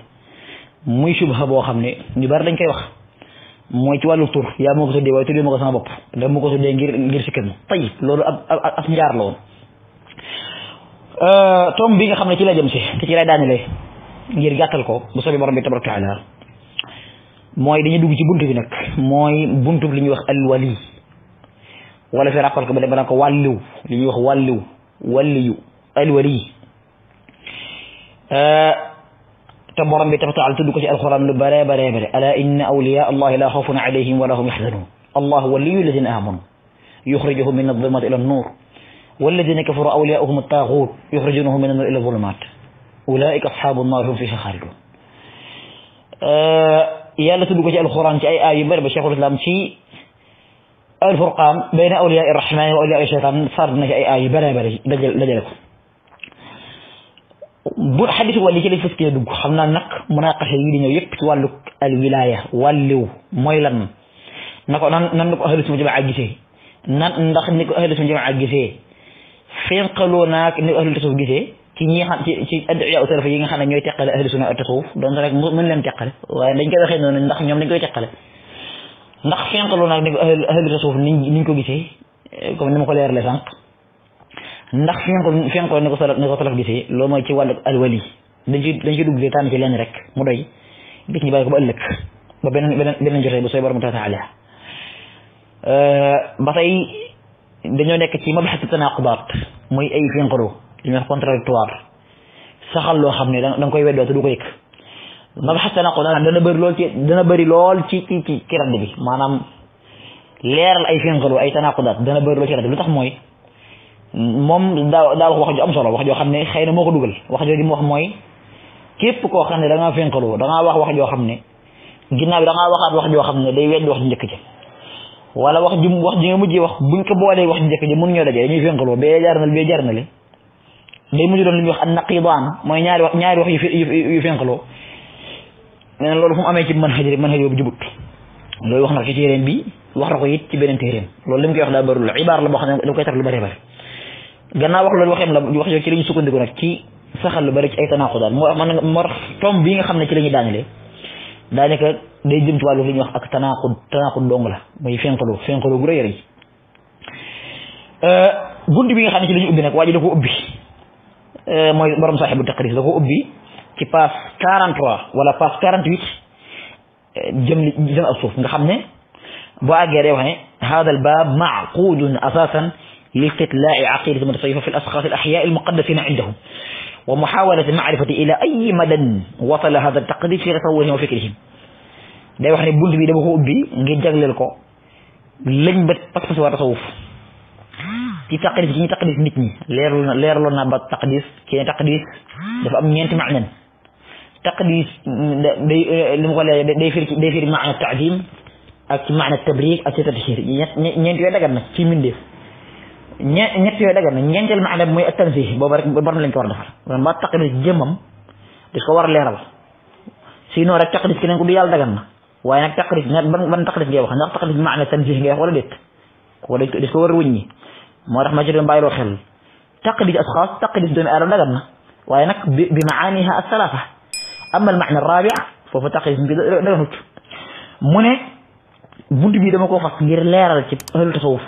muy subha boo xam ne ñu bari dañ koy wax mooy ci wàllu tur yaa ma ko tuddee waaye tuddee ma ko sama bopp dama ko tuddee ngir ngir si kenn tayib loolu ab ab ab njaar la woon tom bi nga xamne ci la jëm ci te ci lay daanelee ngir gàttal ko bu soobee borom bi tabaraka taala moy dañu dugg ci buntu bi nak moy buntu bi li ñu wax al wali wala fi rappal ko ba dem ba ko wàlliw li ñu wax wàlliw wàlliyu alwali ta borom bi tabaraka taala tuddu ko ci al qur'an lu bare bare bare ala inna awliya allah la khawfun alayhim wa lahum yaxzanun allah waliyu alladina amanu yukhrijuhum min adh adulumati ila an-nur والذين كفروا أولياؤهم الطاغوت يخرجونهم من النور إلى الظلمات أولئك أصحاب النار هم فيها خالدون آه، يا لتدوك القرآن في أي آية بربي شيخ الإسلام في الفرقان بين أولياء الرحمن وأولياء الشيطان صار هناك أي آية بري بري لجلكم بور حديث هو اللي كيف تسكي دوك خمنا نق مناقشة يدين يب تولك الولاية ولو ميلا نقول نن نن نقول أهل السنة جماعة جيسي نن نن نقول أهل السنة جماعة جيسي fénqaloo naak ni yi nga xam ne ñooy teqale ahlu sunna ak tasawuf doon rek mën leen teqale waaye dañ koy waxee noonu ndax ñoom dañ koy teqale ndax ni ko gisee comme ni ma ko leeralee sànq ndax ko salaf ni ko salaf gisee loolu mooy ci wàllu alwali dañ ci dañ ci dugg see tànn ci leen rek mu doy bis ñu bàyyi ko ba ëllëg ba beneen beneen jotee bu sooy borom taala ba tey dañoo nekk ci mabxasi tanaqubaat mooy ay finqaru li ñuy contradictoire saxal loo xam ne da nga koy weddoo te du ko yëg mabxas tanaqud dana bëri lool ci dana bëri lool ci ci bi maanaam leeral ay finqaru ay tanaqudaat dana bëri lool ci radd bi lu tax mooy moom daa daa wax wax am solo wax joo xam ne xëy na moo ko dugal wax jooju mu wax mooy képp koo xam ne da ngaa finqaru da ngaa wax wax joo xam ne ginnaaw bi da ngaa wax joo xam ne day weddi wax ju njëkk ci wala wax jum wax ji nga mujjee wax buñ ko boolee wax ji njëkk ji mënuñoo dajee dañuy fénqaloo bee jaar na bee jaar na li day mujj doon lu ñuy wax an naqidaan mooy wax na loolu fu mu amee ci mën xëj mën xëj boobu jubut loolu wax na ko ci téeréem bi wax na ko it ci beneen téeréem loolu li mu koy wax daa bëri la ibaar la boo xam ne da koy tar lu bëree bëri gannaaw wax loolu waxeem la wax ci la ñu sukkandiku nag ci saxal lu bëri ci ay tanaaxu daal moo tax man moo tax tomb bii nga xam ne ci la ñuy daanale daanaka day jëm ci walu li ñu wax ak tanaqud tanaqud dong la muy fenqaloo fenqaloo gu reey euh gundi bi nga xamni ci lañu ubbi nak waji ji da ko ubbi mooy borom sahibu taqrir da ko ubbi ci pass 43 wala pass 48 jëm li jëm ak suuf nga xam ne boo àggee day wax ne hada albaab macquudun asaasan لاستطلاع عقيدة المتصوفة في الأشخاص الأحياء المقدسين عندهم ومحاولة معرفة إلى أي مدى وصل هذا التقديس في تصورهم وفكرهم day wax ne bunt bi dama ko ubbi ngir jagleel ko lëñ ba pas-pas waa tasawuf ci taqdis ci ñu nit ñi leerlu na leerloon naa ba taqdis ci ne taqdis dafa am ñeenti maanen taqdis day li ma ko leer day firi day firi ak ci maana ak ci tadxir ñett na ci mbindeef ñe ñett yooyu dagan na ñeenteel maana bi mooy ak tanzih boobu rek borom lañ ko war a defar ba di ko war a leeral sinon rek taqdis ko du yàlla dagan na waye nak taqlid nag ban ban taqlid ngay wax ndax taqlid maana tanjih ngay wax wala dit ko des ko war a mo tax ma ci doon bàyyi xel taqlid asxaas taqlid doon ara dagal na waye nak bi maaniha amma al asalaasa ama rabi fa fa taqlid bi daganut mu ne bunt bi dama ko fas ngir leral ci ahlu tasawuf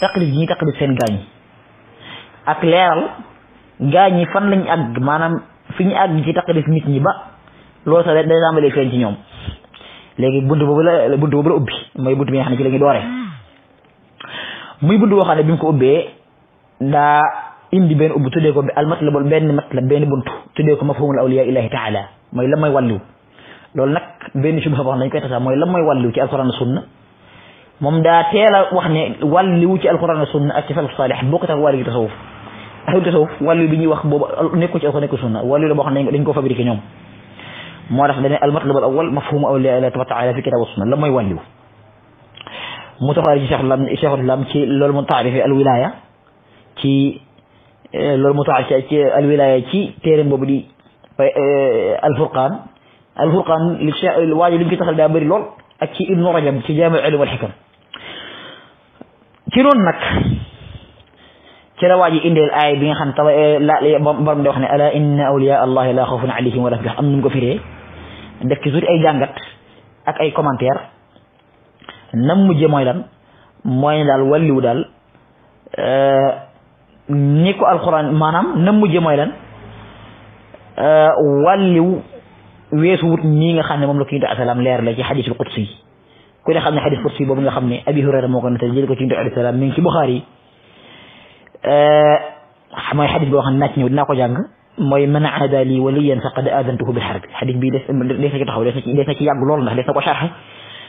taqlid yi ñuy taqlid seen gaañ ak leral gañ yi fan lañ ag manam fiñu ag ci taqlid nit ñi ba lo sa day tàmbalee feeñ ci ñom léegi buntu boobu la buntu boobu la ubbi mooy buntu bi nga xam ne ci la ñuy dooree muy buntu boo xam ne bi mu ko ubbee daa indi benn ubbi tuddee ko al matlab benn matlab benn buntu tuddee ko mafhumul awliya ilahi taala mooy lan mooy wàllu loolu nag benn subha boo xam ne dañ koy tasaa mooy lan mooy wàllu ci alquran sunna moom daa teel a wax ne wàlliwu ci alquran sunna ak ci salaf saalih bokk tax wàllu tasawuf ahlu tasawuf wàllu bi ñuy wax boobu nekku ci alquran nekku sunna wàllu la boo xam ne dañ ko fabriqué ñoom moo tax dañuy almatlab al awal mafhum aw la tabatta ala fi kitab sunna la mooy wàlliw mu taxaar ci cheikh lam cheikhul lam ci loolu mu taarif al wilaya ci loolu mu taarif ci al wilaya ci téeréem boobu di al furqaan al furqaan li cheikh waaji li mu ci taxal daa bëri lool ak ci ibnu rajab ci jaami ulum al xikam ci noonu nag ci la waaji indeel aay bi nga xam taba eh, la borom di ne ala inna awliya allahi la xawfun alayhim wala hum am nu mu ko firee def ci tuuti ay jàngat ak ay commentaire nam mujje mooy lan mooy ne daal wàlliwu daal ni eh, ko alquran maanaam nam mujje mooy lan eh, wàlliw weesu wut nga xam ne moom la ko yonent alayhi salaam leer la ci xadisul qudsi xam ne xadis qudsi boobu nga xam ne abi hurayra moo ko nettali jël ko ci yonent alayhi salaam mi ngi ci buxaari mooy xadis boo xam ne naaj ñëw dinaa ko jàng mooy man aada li waliyan faqad aadantuhu bil xarbi xadis bii des des na ci taxaw des na ci des na ci yàgg lool ndax des na ko sarxe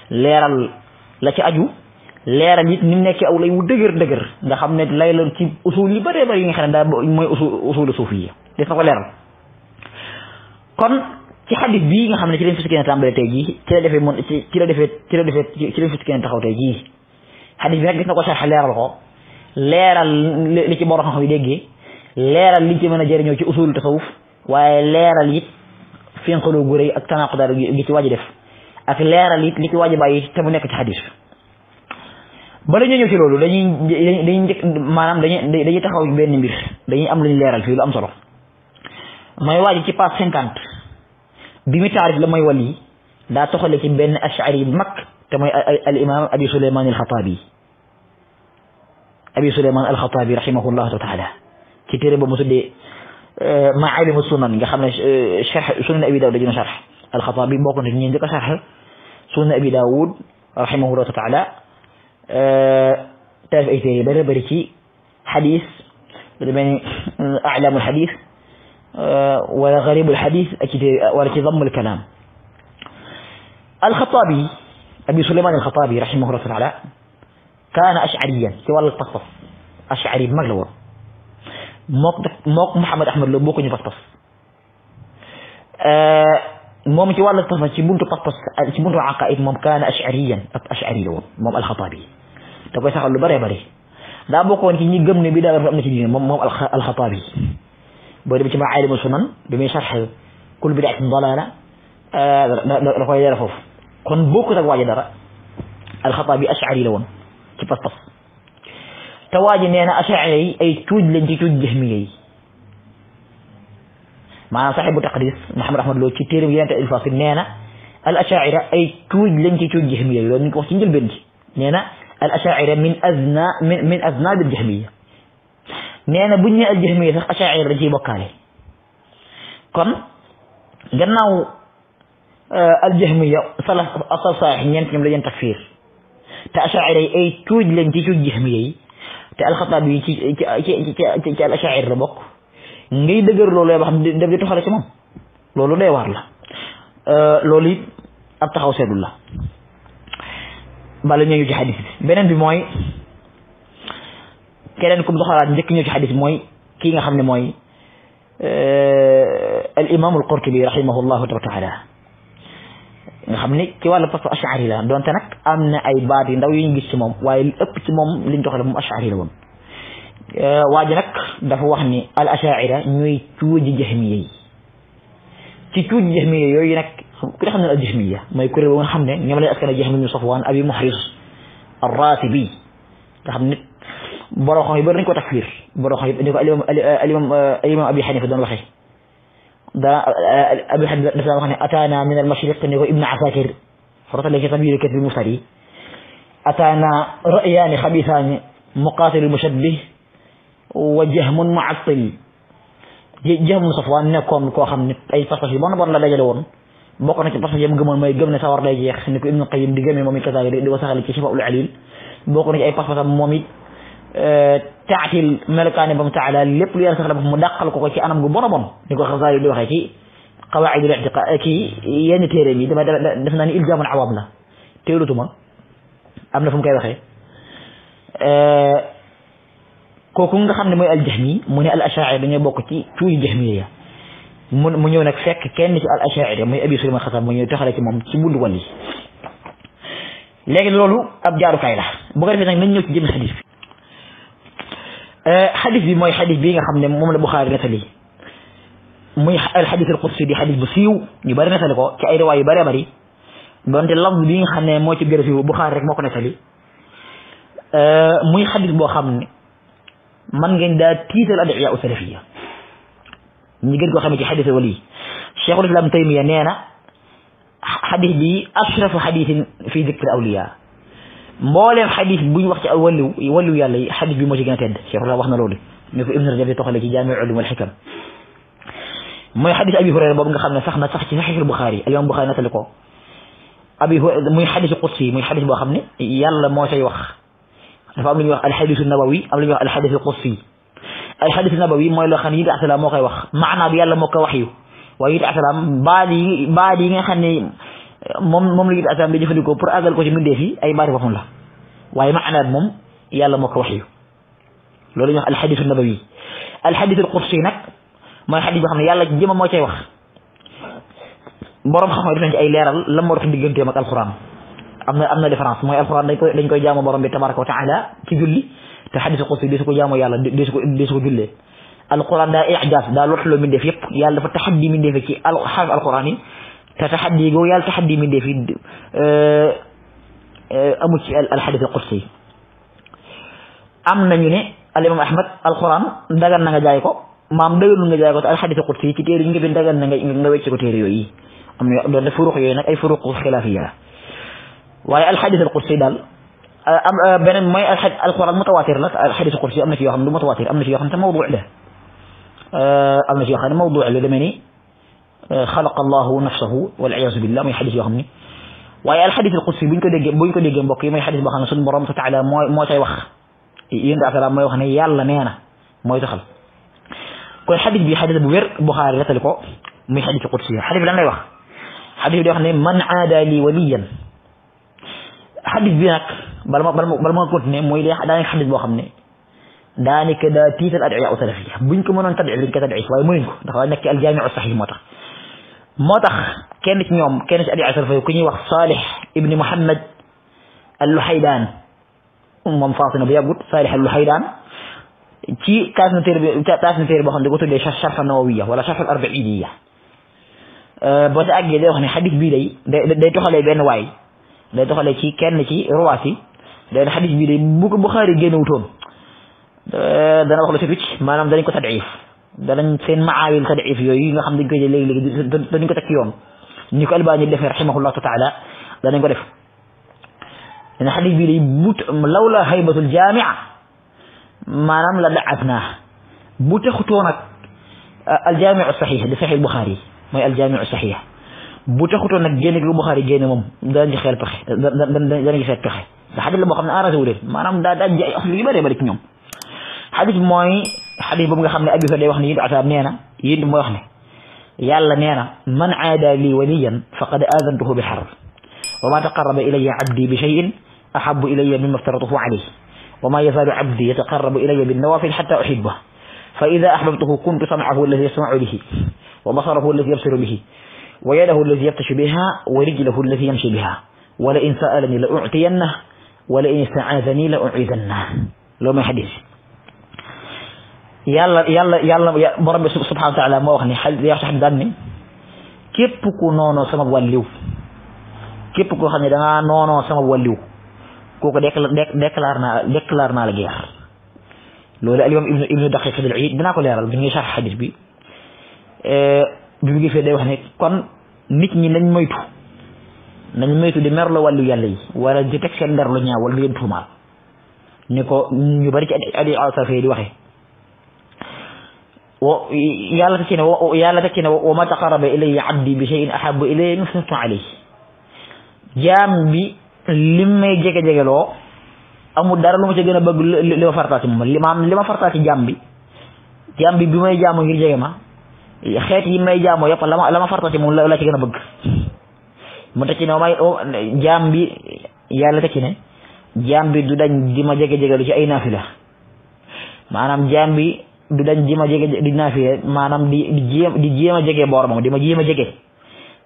leeral la ci aju leeral it ni mu nekkee aw lay wu dëgër dëgër nga xam ne lay la ci usul yi bëree bëri yi nga xam ne daal mooy usul usulu suuf yi des na ko leeral kon ci xadis bii nga xam ne ci lañ fasikkee ne tàmbale tey jii ci la defee moom ci la defee ci la defee ci lañ fasikkee ne taxaw tey jii xadis bi nag gis na ko sarxe leeral ko leeral li ci borom xam yi déggee leeral li ci mën a jëriñoo ci usul tasawuf waaye leeral it finqaloo gu rëy ak tanaqudaar gi ci wàji def ak leeral it li ci wàji bàyyi te mu nekk ci xadis bala ñu ñëw ci loolu dañuy dañuy njëkk maanaam dañuy dañuy taxaw benn mbir dañuy am lu ñu leeral fii lu am solo mooy waaji ci page cinquante bi mu taarif la mooy wali daa toxale ci benn ashari bu mag te mooy al imam abi suleyman al xataabi أبي سليمان الخطابي رحمه الله تعالى كتير بمسلي ما علم السنن خمنا شرح سنن أبي داوود داود شرح الخطابي ما كنت نيجي كشرح سنن أبي داوود رحمه الله تعالى تعرف أي تيري بره بركي حديث بدمن أعلم الحديث ولا غريب الحديث أكيد ولكن ضم الكلام الخطابي أبي سليمان الخطابي رحمه الله تعالى كان أشعريا سوال القصص أشعري مغلور موك موك محمد أحمد لبوك ني بطس ا موم سوال القصص سي بونتو بطس سي بونتو عقائد موم كان أشعريا أشعري لو موم الخطابي تبغي سخال لو بري بري دا بوكون سي ني گم ني بي دا رفم ني دين موم موم الخطابي بو دي بي عالم السنن بي مي شرح كل بدعه ضلاله ا دا كون بوكو تا واجي دارا الخطابي اشعري لون تفطس تواجني أنا أشعري أي توج لنتي توج جهميه ما صاحب تقديس محمد رحمه الله كتير ويانا الفاصل نينا الأشاعرة أي توج لنتي توج جهميه لو نكو سنجل بنتي نينا الأشاعرة من أذنى من, من أذنى بالجهمية نينا بني الجهمية أشاعر رجي بكالي كم جناو الجهمية صلاة أصل صحيح نينا كم لين تكفير te achaira yi ay cuuj lañ ci cuuj jahmiya yi te alxataab ci al achair la bokk ngi dëgër loolu ba xam daf di toxale ci moom loolu day waar la euh, loolu ab taxaw seetlu la bala ñëw ci xadis beneen bi mooy keneen kum doxalaat njëkk ñëw ci xadis mooy kii nga xam ne mooy euh, al imam al qurtubi rahimahullahu taala nga xam ci walu fasu ashari la donte nak amna ay baat yi ndaw yu ñu gis ci mom waye li ëpp ci moom liñ doxale moom ashari la woon waa ji nag dafa wax ni al ash'ira ñuy tuuji jahmiya ci tuuji jahmiya yoy nak ku ne al jahmiya may kuréel bu nga xamne ñam lay askana jahmi ñu safwaan abi muhris ar-ratibi nga xam ne boroo xam yu ko takfir boroo xam yu ko al imam al imam abi hanifa don waxe دا ابي حد دا سامخ ني اتانا من المشرق ني ابن عساكر فرت لي كتاب يلك في المفتري اتانا رؤيان خبيثان مقاتل المشبه وجهم معطل جهم صفوان نكون كو خامني اي فاصو بون بون لا داجي لون بوكو نتي فاصو يم گمون ماي گمني سوار داي جيخ نكو ابن القيم دي گمي مومي كتاب دي وساخلي كي شفاء العليل بوكو نتي اي فاصو مومي آه، taatil melokaane ba mu taala lépp lu yàlla saxla bof mu dàqal ko ko ci anam gu bon a bon ni ko xasaali di waxee ci qawaidul itiqa kii yenn téere bi dama def naa ni iljaamul awaam la téerutuma am na fu mu koy waxee kooku nga xam ne mooy aljahmi mu ne al ashaari dañoo bokk ci cuuy jahmi ya mu mu ñëw nag fekk kenn ci al ashaari muy abi suleyman xasaab mu ñëw taxale ci moom ci bundu wàll yi léegi loolu ab jaarukaay la bu ko defee nag nañ ñëw ci jëm xadis bi آه، حديث بي موي حديث بيغا خامني موم لا بخاري نتالي موي الحديث القدسي دي حديث بسيو ني بار نتاليكو تي اي رواي بار بار دونت لفظ بيغا خامني مو تي غيرفي بخاري رك مكو نتالي ا موي حديث بو خامني من غن دا تيتال ادعياء السلفيه ني غن كو خامي تي حديث ولي شيخ الاسلام تيميه نينا حديث بي اشرف حديث في ذكر الاولياء mbooleem xadis bu ñu wax ci wàllu wàllu yàlla yi xadis bi moo ci gën a tedd Cheikhullah wax na loolu ne ko Ibn Rajab di toxale ci jaami ulum wal xikam mooy xadis Abi Hurayra boobu nga xam ne sax na sax ci saxiixul Buxaari al-Imaam Buxaari natali ko abi muy xadis qudsi muy xadis boo xam ne yàlla moo cay wax dafa am lu ñuy wax alxadisu nabawi am lu ñuy wax alxadisu qudsi alxadisu nabawi mooy loo xam ne yi nga moo koy wax maanaa bi yàlla moo ko wax yu waaye yi nga xam ne moom moom la ibn Atam di jëfandikoo pour àggal ko ci mbindeef yi ay baati boppam la waaye maanaam moom yàlla moo ko wax yu loolu ñuy wax alxadisu nabawi alxadisul qudsi nag mooy xadis boo xam ne yàlla jëma moo cay wax borom xam-xam def nañ ci ay leeral lan moo dox digganteem ak alquran am na am na différence mooy alquran dañ koy dañ koy jaamu borom bi tabaraka wa taala ci julli te xadisul qudsi di su ko jaamu yàlla di su ko di su ko jullee alquran daa ijaaz daa lotuloo mbindeef yëpp yàlla dafa taxaddi mbindeef ci alxaaf alquran yi تتحدي جو يال تحدي من ديفيد ااا أمك الحديث القدسي أم من يني الإمام أحمد القرآن دعنا نجايكو ما مدعون نجايكو الحديث القدسي كتير يمكن بندعنا نجاي نجايكو كتير يوي أم يقدر فروق يوي أي فروق خلافية وعلى الحديث القدسي دال أم بين ما الحد القرآن متواتر لا الحديث القدسي أم في متواتر أم في يوم تموضوع له أم في يوم موضوع له دمني xalaqa allahu nafsahu wal iyaasu billah muy xadis yoo xam ni waaye alxadis alqudsi buñ ko déggee buñ ko déggee mbokk yi mooy xadis boo xam ne suñu borom ta taala moo moo tay wax yéen daal salaam mooy wax ne yàlla nee na mooy taxal kon xadis bi xadis bu wér buxaari rettali ko muy xadis qudsi xadis bi lan lay wax xadis bi day wax ne man aada li waliyan xadis bi nag bala ma bala ma bala ma continuer mooy lee daanaka xadis boo xam ne daanaka daa tiital adiya u salafiya buñ ko mënoon tadci liñ ko tadci waaye mënuñ ko ndax waa nekk aljaamiu saxiix moo tax moo tax kenn ci ñoom kenn ci abi asar fay ku ñuy wax Salih ibni Muhammad al-Luhaydaan moom faatu na bu yàggut Salih al-Luhaydaan ci taas na téere bi taas na téere boo xam ne da ko tuddee Sharh an-Nawawiya wala Sharh al-Arba'idiya boo ta àggee day wax ne xadis bii day day day toxalee benn waay day toxalee ci kenn ci ruwaat yi day ne xadis bii day bu ko Buxaari génnewutoon dana wax lu ci wicc maanaam danañ ko tadciif danañ seen maawil tadif yooyu nga xam dañ koy jël léegi-léegi danañ ko teg ci yoon ni ko albani defee rahimahullahu taala danañ ko def dana xadis bii day but lawla haybatul jamia maanaam la daat naa bu taxutoo nag aljamiu saxiix di saxiix buxaari mooy aljamiu saxiix bu taxutoo nag génn gi buxaari génn moom danañ ci xeel pexe danañ ci seet pexe da xadis la boo xam ne arrangé wu leen maanaam daa daa jaay af lu yu bëree bëri ci ñoom xadis mooy xadis boobu nga xam ne abi hurayra day wax ne yéen asaab nee na yéen mooy wax ne yàlla nee na man aada li waliyan faqad aadantuhu bi xarb wa ma taqaraba ilaya abdi bi cheyin ahabu ilaya mima aftaratuhu alayh wa ma yazaalu abdi yataqarabu ilaya binnawaafil xata uxibbah fa ida ahbabtuhu kuntu samcahu alladi yasmacu bihi wa basarahu alladi yabsiru bihi wa yadahu alladi yabtashu biha wa rijlahu alladi yamshi biha wala in saalani la uctiyannah wala in istacaazani la uciidanna loo may xadis yàlla yàlla yàlla borom bi subhanahu wa moo wax ni xal yaa sax daan ni képp ku noonoo sama wàlliw képp koo xam ne dangaa noonoo sama wàlliw kooku déclare naa déclare naa la guerre loolu alimam ibnu ibnu daqiq al iid dinaa ko leeral bi ñuy sarx xadis bi bi mu gisee day wax ne kon nit ñi nañ moytu nañ moytu di merlo wàlliw yàlla yi wala di teg seen der lu ñaaw wala di leen ni ko ñu bari ci adi asafee di waxee wa yàlla da ci ci ne wa ma taqaraba ilayya abdi bi shay'in a ilayya mimma iftaradtu alayhi jaam bi lim may jege-jegeloo amul dara lu ma ci gën a bëgg li ma fartaati moom li fartaati jaam bi jaam bi bi may jaamoo ngir jege ma xeet yi may jaamoo yëpp la la ma fartaati moom la ci gën a bëgg mu teg ci ne may jaam bi yàlla teg ci ne jaam du dañ di ma jege-jegelu ci ay naafila maanaam jaam bi du dañ jéem a jege di naafile maanaam di di jéem di jéem a jege boor moom di ma jéem a jege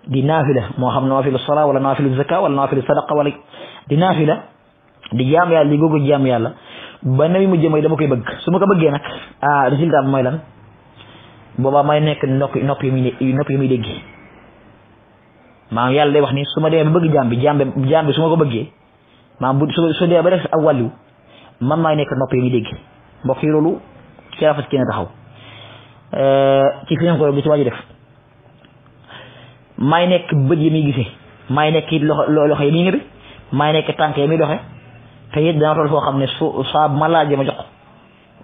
di naafila moo xam naafilu sola wala naafilu zaka wala naafilu sadaqa wala di naafila di jaam yàlla di googu jaam yàlla ba nawi mu jëmay dama koy bëgg su ma ko bëggee nag ah résultat bi mooy lan boobaa may nekk nopp nopp yu muy yu muy dégg maanaam yàlla day wax ni su ma demee ba bëgg jaam bi jaam bi jaam bi su ma ko bëggee maanaam bu su su demee ba man maay nekk nopp yu dégg mbokk loolu ci laa fas kenn taxaw euh, ci fi ngeen koy bu def maay nekk bët yi muy gisee maay nekk it loxo loxo yi muy ñëbe maay nekk tànk yi muy doxe te it dana toll xam ne su saa bu ma ma jox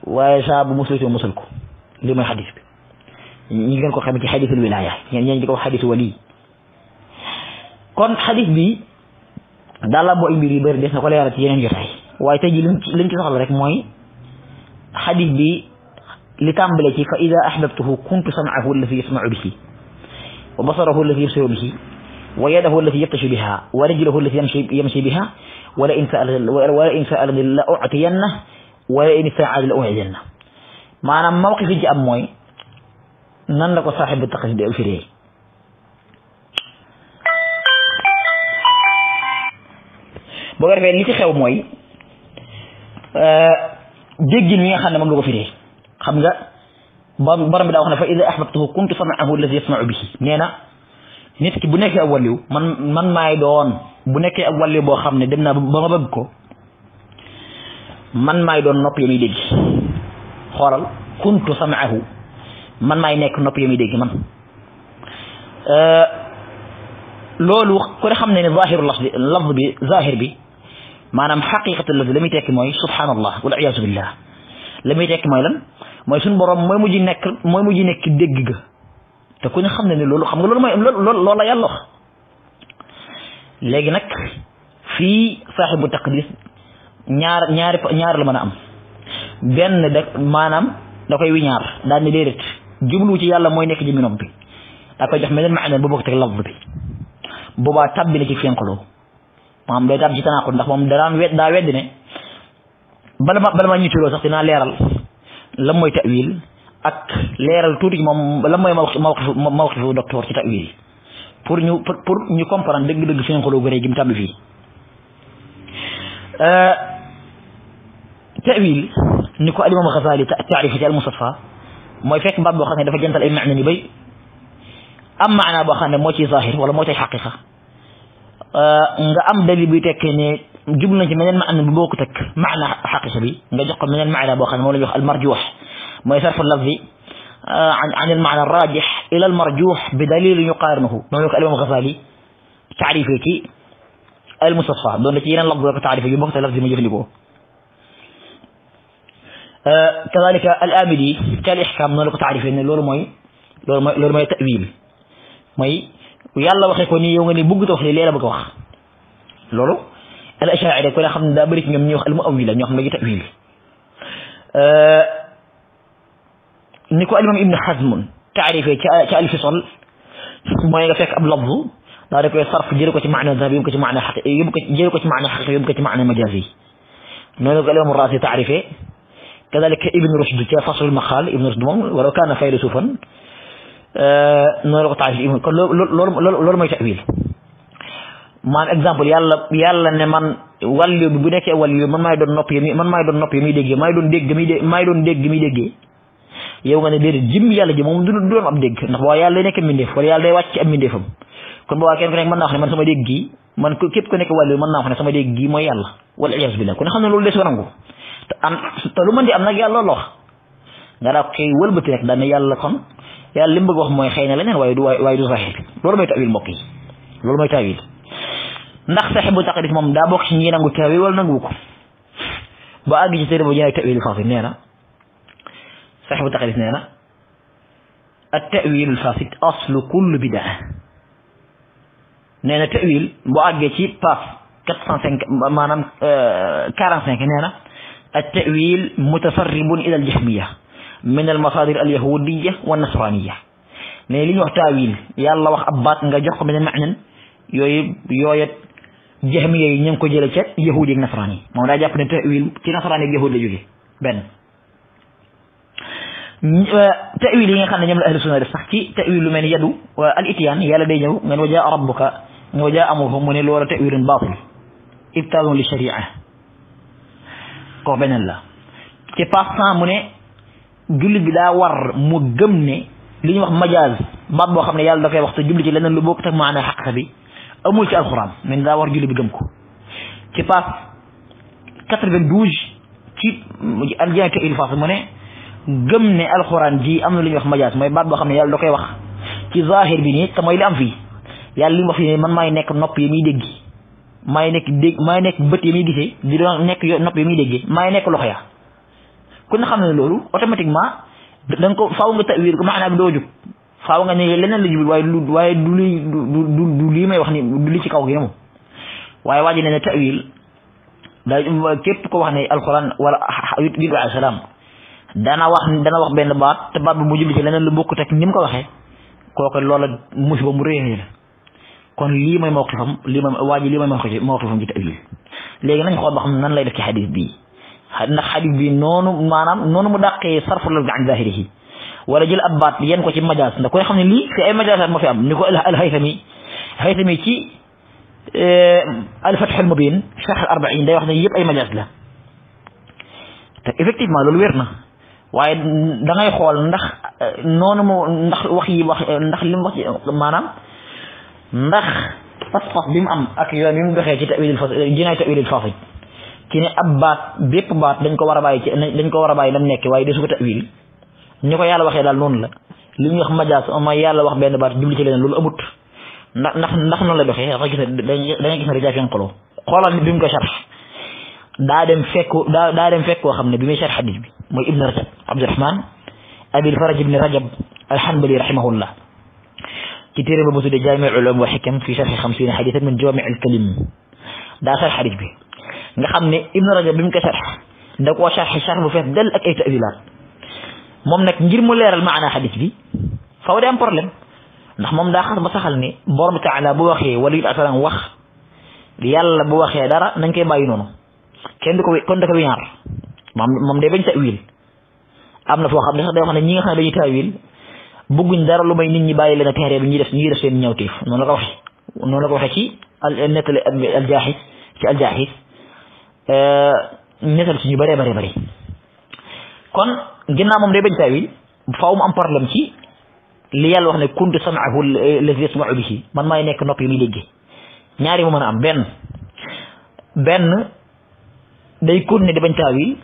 waaye saa bu musul ci musul ko lii mooy xadis bi ñi ngeen ko xam ci xadisul wilaaya ñeen ñeen di ko wax xadisu wali kon xadis bi daal la booy mbir yu bëri des na ko leeral yeneen jotaay waaye tey ji liñ ci soxla rek mooy xadis bi لتملكي فإذا أحببته كنت سمعه الذي يسمع به وبصره الذي يبصر به ويده الذي يبطش بها ورجله الذي يمشي بها ولئن سأل ولئن سأل لأعطينه ولئن استعاذ لأعيذنه ما أنا موقف جاء أموي ننلقى صاحب التقصد الفري بغير فين لي تخاو موي ا ديغ ني خا نم لوغو xam nga borom bi daa wax ne fa ida ahbabtuhu kuntu samaahu allazi yasmau bihi nee nit ki bu nekkee ab wàlliw man man maay doon bu nekkee ab wàlliw boo xam dem naa ba ma bëgg ko man maay doon nopp ya dégg xoolal kuntu samaahu man maay nekk nopp ya dégg man loolu ku ne xam ne ne zahiru lafdi lafd bi zahir bi maanaam xaqiqatu lafdi la muy tekki mooy subhanallah wal iyaasu billah la mooy suñu borom mooy mujj nekk mooy mujj nekk dégg te ku ñu xam ne ne loolu xam nga loolu mooy loolu loolu la yàlla wax léegi nag fii saaxibu ñaar ñaari ñaar la mën a am benn da maanaam da koy wi ñaar daal ni déedéet jublu ci yàlla mooy nekk jëmmi nopp bi daa koy jox meneen maanaan bu bokk teg lafz bi boobaa tabbi na ci fenqloo maanaam day tab ci tanaaqul ndax moom daraan wet daa weddi ne bala ma bala ma ñitiloo sax dinaa leeral lan mooy tawil ak leeral tuuti moom lan mooy mawqifu mawqifu docteur ci tawil pour ñu pour ñu comprendre dëgg-dëgg seen xoloo gëree gi mu tàbbi fii euh, tawil ni ko alimam Xasaali taarif ci al-Mustafa mooy fekk baat boo xam ne dafa jantal ay maana ni bay am maana boo xam ne moo ciy zahir wala moo ciy xaqiqa euh, nga am dalil buy tekkee ne جبنا جمالين معنى بوقتك معنى حق شبي نجدق من المعنى بوخان مولا جوخ المرجوح ما يصرف اللفظي عن المعنى الراجح الى المرجوح بدليل يقارنه ما يقول الامام الغزالي تعريفتي المصفى دون تيرا لفظ تعريف يبقى لفظ ما يغلبه آه كذلك الابدي كالاحكام من لغه تعريف ان لور موي لور موي لور موي تاويل ماي ويلا واخا كوني يوغني بوغ توخ لي ليلا بوغ لولو الأشاعرة كل أحد من دابريت من يوخ المؤولة من يوخ مجي تأويل أه... نكو الإمام ابن حزم تعريفه كألف صل ما يغفيك أبلظه داركو يصرف جيركو معنى ذهبي يمكن معنى حقيقي يمكن جيركو معنى حقيقي يمكن معنى مجازي نقول الإمام الرازي تعريفه كذلك ابن رشد فصل المخال ابن رشد ولو كان فيلسوفا آه نقول تعريف ابن لول لول لول ما يتأويل man exemple yàlla yàlla ne man wàllu bi bu nekkee wàllu man maay doon nopp yi man maay doon nopp yi dégg déggee maay doon dégg muy dé maay doon dégg muy déggee yow nga ne déedéet jëm yàlla ji moom du doon ab dégg ndax boo yàlla day nekk mbindeef wala yàlla day wàcc ci ab mbindeefam kon boobaa kenn ku nekk mën naa wax man sama dégg gi man képp ku nekk wàllu mën naa wax ne sama dégg gi mooy yàlla wala iyaas billah ku ne xam ne loolu des ko nangu te am te lu mën di am nag yàlla loolu wax nga daa koy wëlbati rek daal ne yàlla kon yàlla wax mooy xëy na leneen waaye du waaye du sahih loolu mooy tawil ndax saxibu taqlid mom da bok ci ñi nangu tawil wal nangu ko ba ag ci téere bu jaay tawil fasid nee na neena at tawil na aslu الفاسد أصل neena tawil bu تأويل ci pas 405 manam 45 نانا التأويل متسرب إلى الجهمية من المصادر اليهودية والنصرانية نانا لي تأويل يلا وخ أبات نجا جوخ من المعنى يوي يوي jahmiya yi ñu ngi ko jëlee ca yahud yi ak nasaraan yi moom daa jàpp ne tawil ci nasaraan yi la jóge benn euh, tawil yi nga xam ne ñoom la ahlu sunna def sax ci tawil lu mel ni yadu euh, al itiyaan yàlla day ñëw ngeen wajaa rabbuka wajaa amruhu mu ne loola tawilun baatil ibtaalun li sharia kooku beneen la te passant mu ne jullit bi daa war mu gëm ne li ñuy wax majaaz baat boo xam ne yàlla da koy wax te jubli ci leneen lu bokk tak maanaa xaq bi amul ci alxuraan mais daa war julli bi gëm ko ci paas quatre-vingt-douze ci aljana te il faas mu ne gëm ne alxuraan ji am na lu wax majaas mooy baat boo xam ne yàlla da koy wax ci zahir bi nii te mooy li am fii yàlla li mu wax fii ne man maay nekk nopp yi muy dégg maay nekk dégg nekk bët yi muy gisee di nekk nopp yi muy déggee maay nekk loxo ya ku ne xam ne loolu automatiquement da ko faaw nga tawir ko maanaam doo jóg faaw nga ne leneen la jublu waaye lu waaye du li du lii may wax ni du li ci kaw gi moom waaye waa ji ne ne tawil képp ko wax ne alquran wala yiddu alayhi salaam dana wax dana wax benn baat te baat bu mu jublu ci leneen lu bokkut ak ni ko waxee kooku loola musiba mu réer kon lii mooy mawqifam lii mooy waa ji lii mooy mawqifam ci tawil léegi nañ xool ba xam nan lay def ci xadis bii bii noonu maanaam noonu mu dàqee sarfu la an zahirihi wala jël ab baat yenn ko ci majaas ndax koy xamni li ci ay majaasaat mo fi am ni ko haythami haythami ci al fath al mubin sharh al 40 day wax ni yeb ay majaas la ta effectivement lolu werna waye da ngay xol ndax nonu mo ndax wax yi wax ndax lim wax manam ndax pas-pas bim am ak yoon bi mu doxee ci tawilil fas jinaay tawilil fasid ci ne ab baat bépp baat dañ ko wara a bàyyi dañ ko wara a bàyyi lam nekk waye desu ko tawil ñuko yàlla waxe dal non la li ñu wax majaas ma yàlla wax ben baat jubli ci leen loolu amut ndax ndax non la doxé dafa gis ne dañuy gis na rijafen xolo xolal ni bimu ko sharh da dem fekk da dem fekk ko xamne bimu sharh hadith bi moy ibn rajab abd alrahman abi faraj ibn rajab alhanbali rahimahullah ci téré ba bu tuddee jaami ulum wa hikam fi sharh 50 hadith min jaami alkalim da sharx hadith bi nga xamne ibn rajab bimu ko sharh da ko sharh sharh bu fees dal ak ay ta'wilat mom nak ngir mu leral maana hadith bi fa wadi am problème ndax mom da xas ba saxal ni borom taala bu waxe wali yu asalan wax yàlla bu waxe dara nañ koy bàyyi noonu kenn du ko kon da ko wiñaar mom mom de bañ sa am amna fo xam ne sax day wax ñi nga xam dañuy tawil bëgguñ dara lu may nit ñi bàyyi leen a teeree bi ñi def ñi def seen ñawteef non la ko waxee noonu la ko waxee ci al nettali al jaaxis ci al euh nettal ci ñu bare bare bare kon ginnaaw moom day bañ taawil faaw am problème ci li yàlla wax ne kuntu sam'ahu lazi yasma'u bihi man maay nekk nopp yi muy déggee ñaari mu mën a am benn benn day kon ne di bañ taawil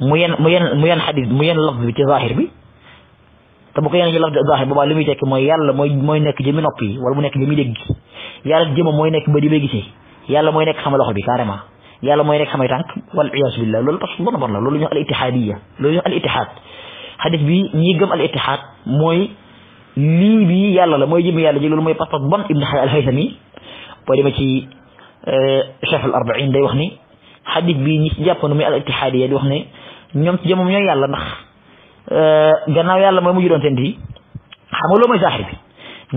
mu yen mu yen mu yen mu yen lafz bi ci zahir bi te bu ko yeneen ci lafz zahir boobaa li muy mooy yàlla mooy nekk jëmi nopp yi wala mu nekk jëmi dégg yàlla jëmam mooy nekk ba di bay gisee yàlla mooy nekk sama loxo bi carrément yàlla mooy nekk samay tànk wal iyaasu billah loolu parce que bon bon la loolu ñu al ittihaadiya loolu ñu al ittihaad xadis bi ñi gëm al ittihaad mooy lii bi yàlla la mooy jëmmi yàlla ji loolu mooy pas-pas bon ibnu xay al haysami boo demee ci cheikh al arbain day wax ni xadis bi ñi ci jàppoon muy al ittihaadiya di wax ne ñoom ci jëmmam ñooy yàlla ndax gannaaw yàlla mooy mujj doon seen tii xam nga loo mooy saaxir bi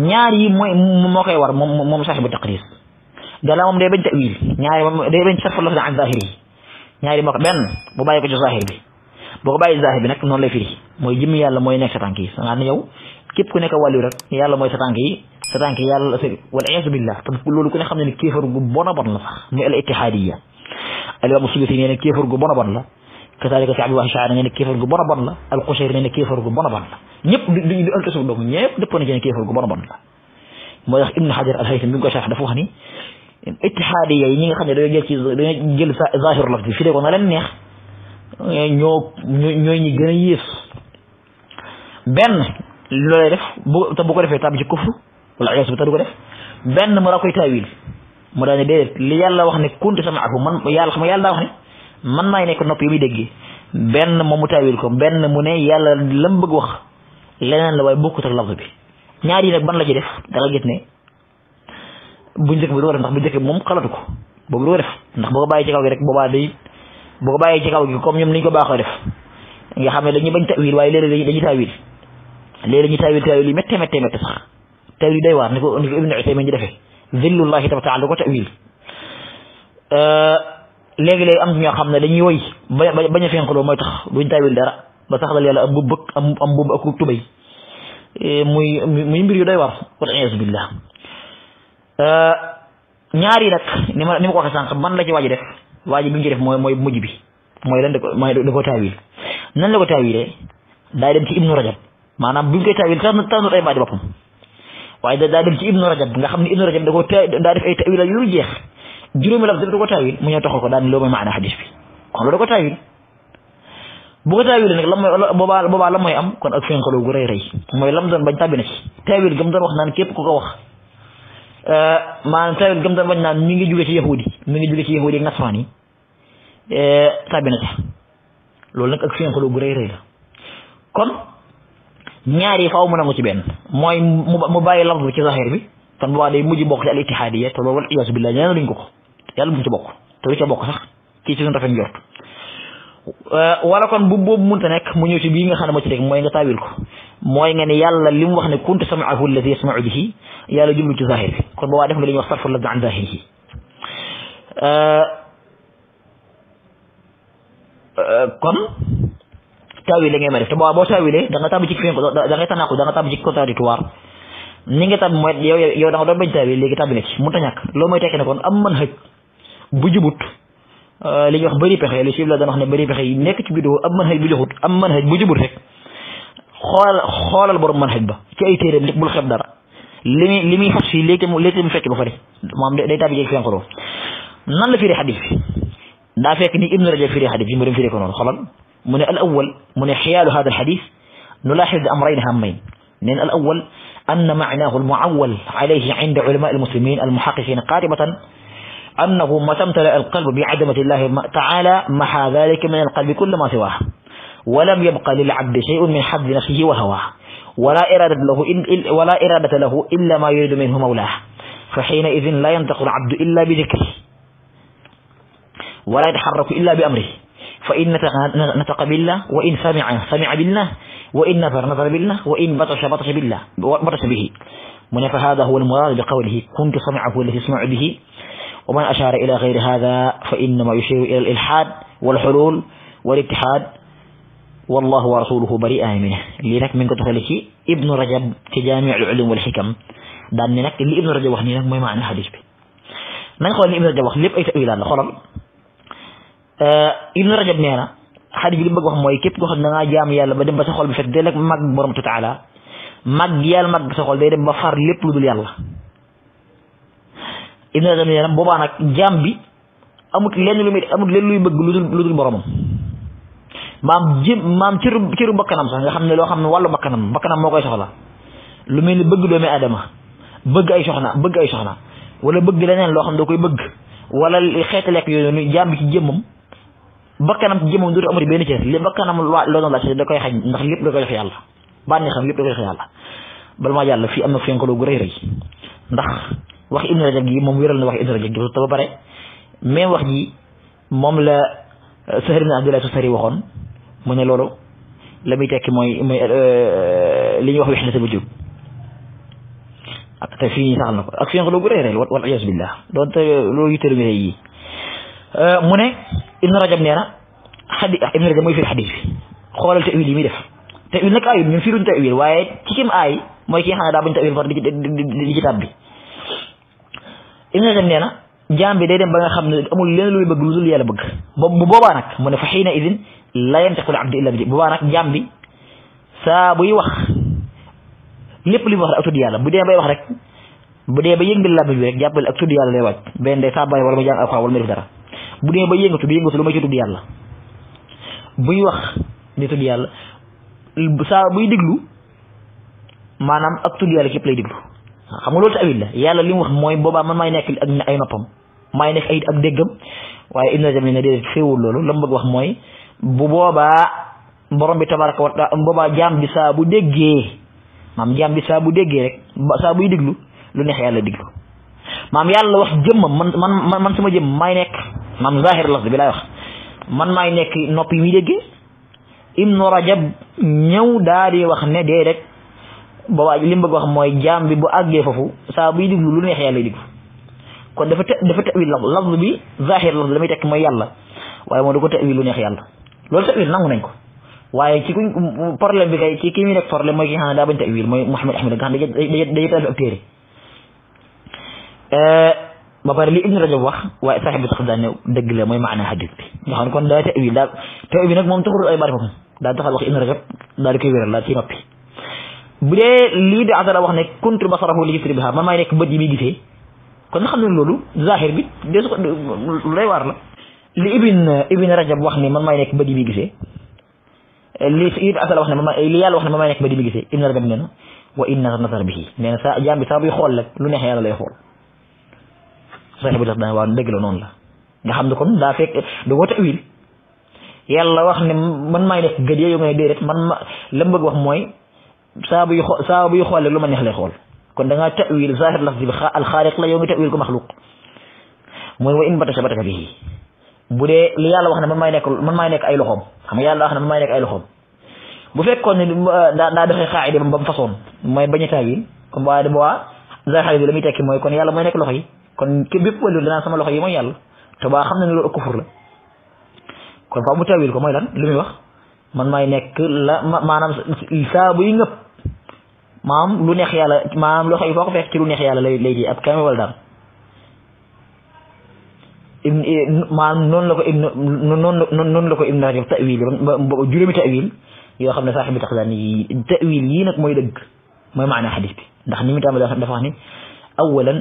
ñaar yi mooy moo koy war moom moom saaxibu taqrir gannaawam day bañ tawil ñaari moom day bañ sarfu lafdi an zahiri ñaari moo ko benn mu bàyyi ko ci zahir bi boo ko bàyyi zahir bi nag noonu lay firi mooy jëmm yàlla mooy nekk sa tànk yi xanaa ne yow képp ku nekk wàllu rek yàlla mooy sa tànk yi sa tànk yi yàlla wala iyaasu billah te loolu ku ne xam ne ne kéefar gu bon a bon la sax muy al ittihaadiya al imam Suyuti nee na kéefar gu bon a bon la kazalika si Abdullah Shaari nee na kéefar gu bon a bon la al Qushayri nee na kéefar gu bon a bon la ñëpp du du alkasub doomu ñëpp dëpp na ci ne kéefar gu bon a bon la moo tax Ibnu Hajar al Haythami bi nga ko sax dafa wax ni ittihaadiya yi ñi nga xam ne dañoo jël ci dañoo jël zahir laf bi fi dee ko na leen neex ñoo ñooy ñi gën a yées benn loolay def bu te ko defee tàbbi ci kufru wala ayas bi te def benn mu daa koy taawil mu daa ne déedéet li yàlla wax ne kuntu samaakum man yàlla xam yàlla daa wax ne man maay nekk nopp yi muy déggee benn moom mu taawil ko benn mu ne yàlla lam bëgg wax leneen la waaye bokkut ak lafz bi ñaar yi nag ban la ci def dala gis ne bu njëkk bi du ko ndax bu njëkk moom xalatu ko boobu du ndax boo bàyyi ci kaw gi rek boobaa day boo bàyyi ci kaw gi comme ñoom niñ ko baaxoo def nga xam ne dañuy bañ tawil waaye léeg-léeg dañuy tawil léeg-léeg ñu tawil tawil yi métte métte métte sax tawil yi day waar ni ko ni ko ibnu Usaymin di defee zillullahi tawa taala ko tawil euh, léegi-léegi am ñoo xam ne dañuy woy bañ a fenqloo mooy tax duñ tawil dara ba sax dal yàlla am bu bëgg am am boobu ak tubay euh, muy muy mbir yu day war wal iyaazu billah Euh, ñaari nag ni ma ni ma ko waxee sànq man la ci waaj def waaj bi mu ci def mooy mooy mujj bi mooy lan da ko mooy da ko taawil nan la ko taawilee daay maanaam bu ñu koy taawil tànn tànnut ay baati boppam waaye da daa dem ci ibnu rajab nga xam ne ibnu rajab da ko daa def ay taawil yu dul mu ñëw ko daal loo mooy maana xadis bi kon da ko taawil bu ko taawilee nag lan mooy boobaa mooy am kon ak fenqaloo gu rëy rëy lam doon bañ tàbbi ci taawil gam doon wax naan képp ku ko wax Eh, maanaam tawet gëm doon bañ naan mi ngi jóge ci yahudi mu ngi jóge ci yahudi ak nasaraan yi tàbbi eh, na ca loolu nag ak finqaloo gu rëy rëy kon ñaar yi faaw mu nangu ci benn mooy mu bàyyi lafz bi ci zahir bi kon boobaa day mujj bokk ci al ittihaadiya te loolu wal iyaasu billaah ko ko yàlla bu mu ci bokk te lu ca bokk sax ci ci suñu rafet njort eh, wala kon bu boobu mënta nekk mu ñëw ci bii nga xam ne moo ci nekk mooy nga taawil ko mooy nga ne yàlla li mu wax ne kuntu samaahu alladi yasmau bihi yàlla jublu ci zahir bi kon boobaa def nga li ñuy wax sarfu lafdi an zahirihi euh, kon taawile ngay ma def te boobaa boo taawile da nga tàbbi ci da ngay tanaaku da nga tàbbi ci contradictoire ni nga tàbbi mooy yow yow da nga doon bañ taawile léegi tàbbi na ci mënut kon am man xëj bu jubut euh, li ñuy wax bëri pexe li si la daan wax ne bëri pexe yi nekk ci bidoo am am man xëj bu jubut rek xoolal borom mën xaj ba ci ay téeréem bul xeeb dara li muy li muy fas fii léegi mu léegi mu fekk ba pare moom day tàbbi jeeg seen xoro nan la firi xadis bi daa fekk ni ibnu rajab firi xadis bi mu dem firi ko noonu xoolal mu ne al awal mu ne xiyaalu hada alxadis nulaaxis amrayn hammayn من الأول أن معناه المعول عليه عند علماء المسلمين المحققين قاربة أنه ما تمتلأ القلب بعدمة الله تعالى محى ذلك من القلب كل ما سواه ولم يبقى للعبد شيء من حظ نفسه وهواه ولا إرادة له ولا إرادة له إلا ما يريد منه مولاه فحينئذ لا ينطق العبد إلا بذكره ولا يتحرك إلا بأمره فإن نطق بالله وإن سمع سمع بالله وإن نظر نظر بالله وإن بطش بطش بالله بطش به من فهذا هو المراد بقوله كنت سمعه الذي يسمع به ومن أشار إلى غير هذا فإنما يشير إلى الإلحاد والحلول والاتحاد والله ورسوله بريئان منه لي نك من كتب لي ابن رجب في جامع العلوم والحكم دان نك لي ابن رجب وخني نك موي معنى حديث بي ما نقول ابن رجب وخ ليب اي تاويل لا خولم آه، ابن رجب نينا حديث لي بغ وخ موي كيب كو خا جام يالا با ديم با سخول بفك ديلك ماك بروم تعالى ماك يال ماك سخول دي ديم با فار ليب لودول يالا ابن رجب نينا بوبا نك جام بي amut len lu mi amut len luy beug lu dul lu dul boromam maam ji maam cëru cëru bakkanam sax nga xam ne loo xam ne wàllu bakkanam bakkanam moo koy soxla lu mel ni bëgg doomi aadama bëgg ay soxna bëgg ay soxna wala bëgg leneen loo xam ne da koy bëgg wala xeeti lekk yooyu noonu jàmm ci jëmmam bakkanam ci jëmmam dootu amati benn cër li bakkanam loo doon laaj da koy xañ ndax lépp da koy jox yàlla bànni xam lépp da koy jox yàlla bal maa yàlla fii am na fenkaloo gu rëy rëy ndax wax ibnu rajab gi moom wéral na wax ibnu ba pare même wax ji moom la sahri waxoon mune ne lamuy la muy tekki mooy mooy li ñuy wax wahdatul wujub ak te fii saxal na ko ak fi nga gu reere wal iyaasu billah doonte lo yittelu mi yi euh mune ibnu rajab neena hadith xadi ibnu rajab mooy firi xadis bi xoolal tawil yi muy def tawil nag ayul ñun firuñ wi waye ci kim ay moy ki xana da buñ te wi tawil far di ci di ci tab bi ibnu rajab nee na jaam day dem ba nga xam ne amul leen lu muy bëgg lu dul yàlla bëgg ba bu boobaa nag fa xiina idin la yantiqul abdu illa bi boobaa nag jaam bi saa buy wax lépp li mu wax rek ak tudd yàlla bu dee bay wax rek bu dee ba yëngal làmb bi rek jàppale ak tudd yàlla lay wàcc benn day sàbbaay wala muy jàng alxuraan wala muy def dara bu dee ba yëngatu du yëngatu lu may ci tudd yàlla buy wax di tudd yàlla saa buy diglu maanaam ak tudd yàlla képp lay diglu xam nga loolu tawil yàlla li mu wax mooy boobaa man maay nekk ak ay noppam maay nekk ay ak déggam waaye Ibn Jami ne déedéet féewul loolu la wax mooy bu boobaa borom bi tabaraka wa taala boobaa jaam bi saa bu déggee maam jaam bu déggee rek saa buy diglu lu neex yàlla diglu maam yàlla wax jëmmam man man man sama jëmm maay nekk maam zahir lafz nekk nopp yi muy déggee Ibnu Rajab ñëw daal di wax ne rek boobaa li mu bëgg wax mooy jaam bi bu àggee foofu saa buy diglu lu neex yàlla diglu kon dafa dafa tawil lafz lafz bi zahir lafz la muy tekk mooy yàlla waaye moom da ko tawil lu neex yàlla loolu tawil nangu nañ ko waaye ci kuñ problème bi kay ci kii muy nekk problème mooy ki nga daa bañ tawil mooy Mouhamed Ahmed nga xam ne dañuy euh, li Ibn Rajab wax waaye saaxib bi tax daan ne dëgg la mooy maana hadis bi nga xam ne kon daa tawil daal tawil nag moom taxul ay baat foofu daal taxal wax Ibn Rajab daal di koy wéral daal ci noppi bu dee lii di asara wax ne kuntu basarahu li yusri biha man maay nekk bët yi kon nga xam ne bi de su ko lu lay waar la wax ne man maay nekk bët yi muy gisee li lii di asara wax ne man maay wax ne man maay nekk bët yi muy gisee ibn rajab nee na wa inna nazar bihi nee na saa jaam bi saa buy xool rek lu neex yàlla lay xool saxibu tax dana waaw dëgg la noon la nga xam ne kon daa fekk da woo tawil yàlla wax ne man maay nekk gëj yooyu nga ne déedéet man ma la mu bëgg wax mooy saa buy xo saa buy xool rek lu kon da nga tawil zahir lafzi bi al khaliq la yow tawil ko makhluq moy wa in batasa batasa bii bu dee li yàlla wax na man may nek man may nek ay loxom xam nga yàlla wax na man may nek ay loxom bu fekkone da da daa doxee bam fason moy façon mooy bañ a tawil comme waaye dama waa zahir bi la tekki moy kon yàlla mooy nek loxo yi kon ke bépp walu dana sama loxo yi mooy yàlla to ba xam na ne kufur la kon faaw mu tawil ko moy lan lu wax man may nek la manam saa bu ngëpp maam lu neex yàlla maam lu xëy foo ko fekk ci lu neex yàlla lay lay ji ab kaamil wala dara maam non la ko ibn non non non la ko ibn Rajab tawil juróomi tawil yoo xam ne saaxi bi tax yi tawil yii nag mooy dëgg mooy maanaa xadis bi ndax ni mu tàmbali dafa wax ni awalan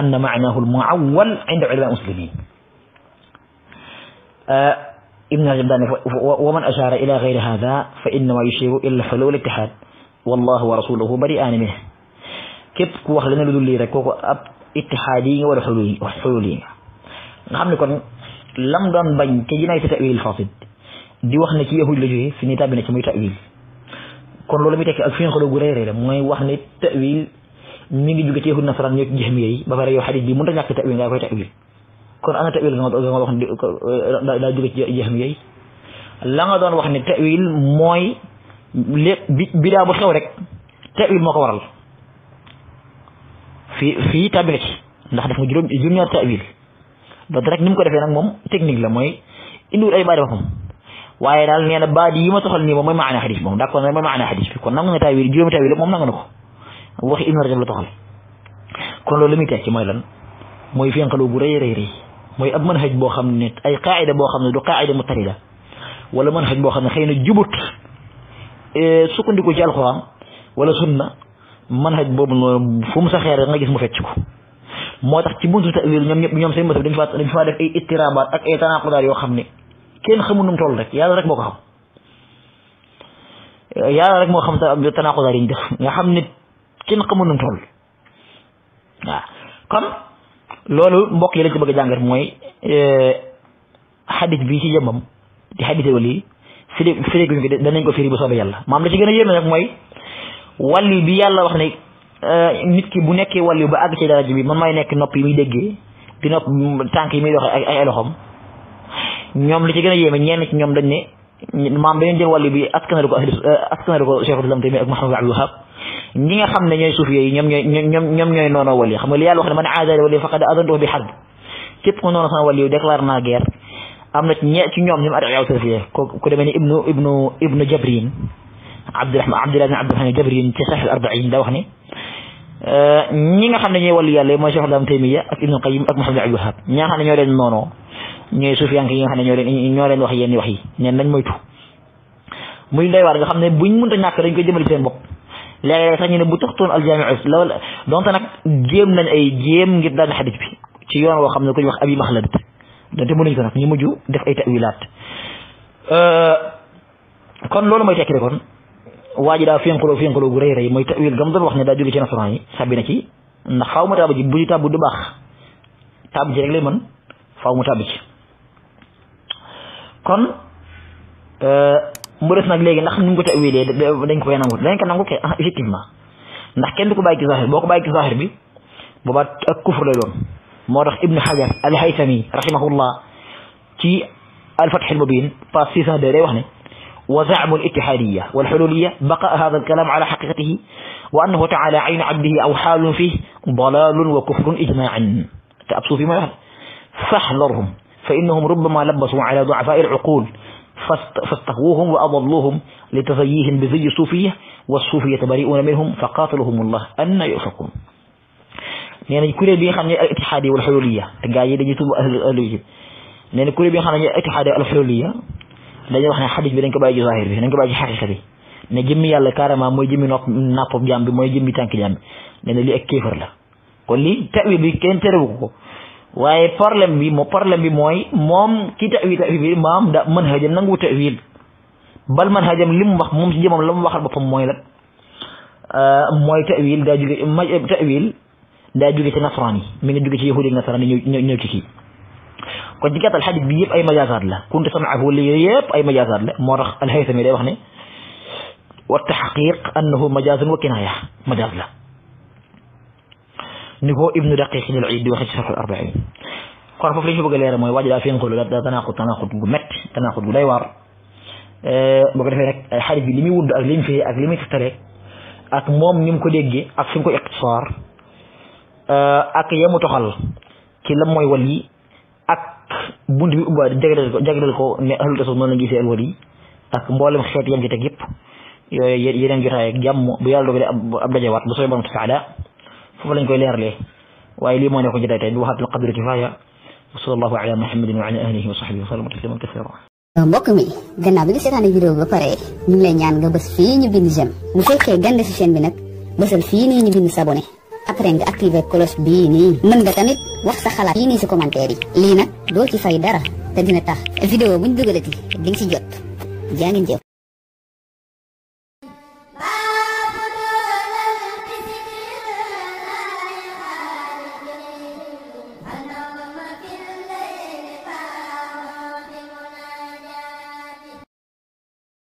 anna maanaahu almuawal inda ulama muslimin ibn Rajab daan ne wa man ashaara ila gayri hada fa innama yushiru illa falawla ittihad والله ورسوله بريان منه كيف كوخ لنا لدو لي رك اب اتحادي ولا حلولي وحلولي نعم نكون لم دون بان تي ناي تاويل فاسد دي واخنا كي يهود لا جوي في نتابنا تي موي تاويل كون لولو مي تيكي اك فين خلو غري ري موي واخنا تاويل مي جوغي تي يهود نصران نيك جهميه يي با بار يو حديث دي مونتا نياك تاويل غاي تاويل كون انا تاويل غا غا واخ دا جوغي جهميه يي لا غا دون واخني تاويل موي bi bidaa bu xew rek tawil moo ko waral fii fii tàbbi na ci ndax def na juróom juróom-ñaar tawil ni mu ko defee nag moom technique la mooy indiwul ay baat yi boppam waaye daal nee na baat yi ma soxal nii moom mooy maana xadis moom d'accord mooy maana xadis bi kon nangu na tawil juróomi tawil moom nangu na ko la kon loolu li muy tekki mooy lan mooy fenqaloo bu rëy rëy rëy mooy ab manhaj boo xam ne ay qaayida boo xam ne du qaayida mutarida wala manhaj boo xam ne xëy na jubut Eh, sukkandiku ci alxuraan wala sunna manhaj boobu noonu fu mu saxee rek nga gis mu fecc ko moo tax ci buntu tawil ñoom ñëpp ñoom seen mata dañ fa dañ def ay ittirabaat ak ay yoo xam ne kenn xamul nu mu toll rek yàlla rek moo xam eh, yàlla rek moo xam ñu def nga xam ne kenn xamul nu mu loolu mbokk yi lañ ci bëgg a jàngat mooy eh, xadis bi ci jëmmam di xadise wali firi firi guñ ko danañ ko firi bu soobee yàlla maam la ci gën a yéeme nag mooy wàllu bi yàlla wax ne euh, nit ki bu nekkee wàllu ba àgg ci daraja bi man may nekk nopp yi muy déggee di nopp tànk yi muy doxee ak ay loxoom ñoom li ci gën a yéeme ñenn ci ñoom dañ ne maam dañu jël wàllu bi askanale ko euh, askanale ko Cheikhul Islam Taymiyya ak Muhammad Abdul Wahhab ñi nga xam ne ñooy suuf yooyu ñoom ñooy ñoom ñoom ñooy noonoo wàllu xam nga li yàlla wax ne man aadaali wàllu faqad adantuhu bi harb képp ku noonu sama wàllu am na ñe ci ñoom ñoom arriyaw tarfiya ku demee ni ibnu ibnu ibnu jabrin abdurahman abdullah bin abdurahman jabrin ci sahih arbain da wax ni euh, ñi nga xam ne ñooy wàllu yàlla mooy cheikh islam taymiya ak ibnu qayim ak muhammad abdul wahab ñi nga xam ne ñoo leen noonoo ñooy sufiyank yi nga xam ne ñoo leen ñoo leen wax yenn wax yi neen nañ moytu muy doy waar nga xam ne buñ mënta ñàkk dañ koy jëmale seen bopp léeg-léeg sax ñu ne bu taxtoon aljaamiu lool donte nag jéem nañ ay jéem ngir daan xadis bi ci yoon woo xam ne ku ñu wax abi maxlabat donte mënuñ ko sax ñu mujj def ay tawilaat euh, kon loolu mooy tekki rek kon waa ji daa fénqaloo fénqaloo gu rëy rëy mooy tawil gam doon wax ne daa jóge ci nasaraan yi sàbbi na ci ndax faaw mu tàbb ji bu ci tàbb du baax tàbb ji rek lay mën faaw mu tàbb ci kon euh, mu des nag léegi ndax ñu ko tawilee dañ ko koy nangu dañ ko nangu kay ah, effectivement ndax kenn du ko bàyyi ci zahir boo ko bàyyi ci zahir bi boobaa ak kufur lay doon مورخ ابن حجر الهيثمي رحمه الله في الفتح المبين باسيسة ديري وحنا وزعم الاتحادية والحلولية بقى هذا الكلام على حقيقته وأنه تعالى عين عبده أو حال فيه ضلال وكفر إجماعا تأبسوا فيما يحل فاحذرهم فإنهم ربما لبسوا على ضعفاء العقول فاستهوهم وأضلوهم لتزييهم بزي الصوفية والصوفية بريئون منهم فقاتلهم الله أن يؤفقون nee nañ kuréel bi nga xam ne al ittihaad yi wal xululiya te ku yi dañuy tuub ahlu Égypte nee na bi nga xam al ittihaad yi al xululiya wax ne xadis bi dañ ko bàyyi ci zahir bi dañ ko bàyyi ci xaqiqa bi ne jëmmi yàlla carrément mooy jëmmi nopp nappab jaam bi mooy jëmmi tànk jaam bi nee na lii ak kéefar la kon lii tawil bi kenn terewu ko waaye problème bi mo problème bi mooy moom ki tawil tawil bi maam da mën xajam nangu tawil bal mën xajam li mu wax moom si jëmam la mu waxal boppam mooy la euh, mooy tawil daa jóge tawil daa jóge ci nasaraan yi mi ngi jóge ci yahudi ak nasaraan yi ñëw ñëw ci kii kon ci gàttal xadis bi yëpp ay majaasaat la kuntu samaahu wala yooyu yëpp ay majaasaat la moo tax alxaysami day wax ne wa taxqiq annahu majaasun wa kinaaya majaas la ni ko ibnu daqiq al iid di waxe ci sarxul arbain kon foofu li ñu bëgg a leeral mooy waa ji daa fénqulu daa tanaaxut tanaaxut gu métti tanaaxut gu day waar boo ko defee nag xadis bi li muy wudd ak li mu fee ak li muy tëftale ak moom ni mu ko déggee ak fi mu ko iqtisaar Euh, ak yemu toxal ci lan mooy wal yi ak bunt bi ubba jagleel ko jagleel ko ne ahlul tasawuf noonu la gisee alwal yi ak mboolem xeet yam ci teg yëpp yooyu yeneen jotaay ak jàmm bu yàlla dogalee ab dajewaat bu sooy borom taala foofu lañ koy leerlee waaye lii moo ne ko jotaay tey bi waxaatul qadri kifaya wa sallallahu ala muhammadin wa ala alihi wa sahbihi wa sallam tasliman kasira mbokk mi gannaaw bi nga seetaane vidéo bi ba pare ñu ngi lay ñaan nga bës fii ñu bind jëm bu fekkee gande si chaîne bi nag bësal après nga activer cloche bii nii mën nga tamit wax sa xalaat yii nii si commentaire yi lii nag ci fay dara te dina tax video buñ dugalati di jot jangin ngeen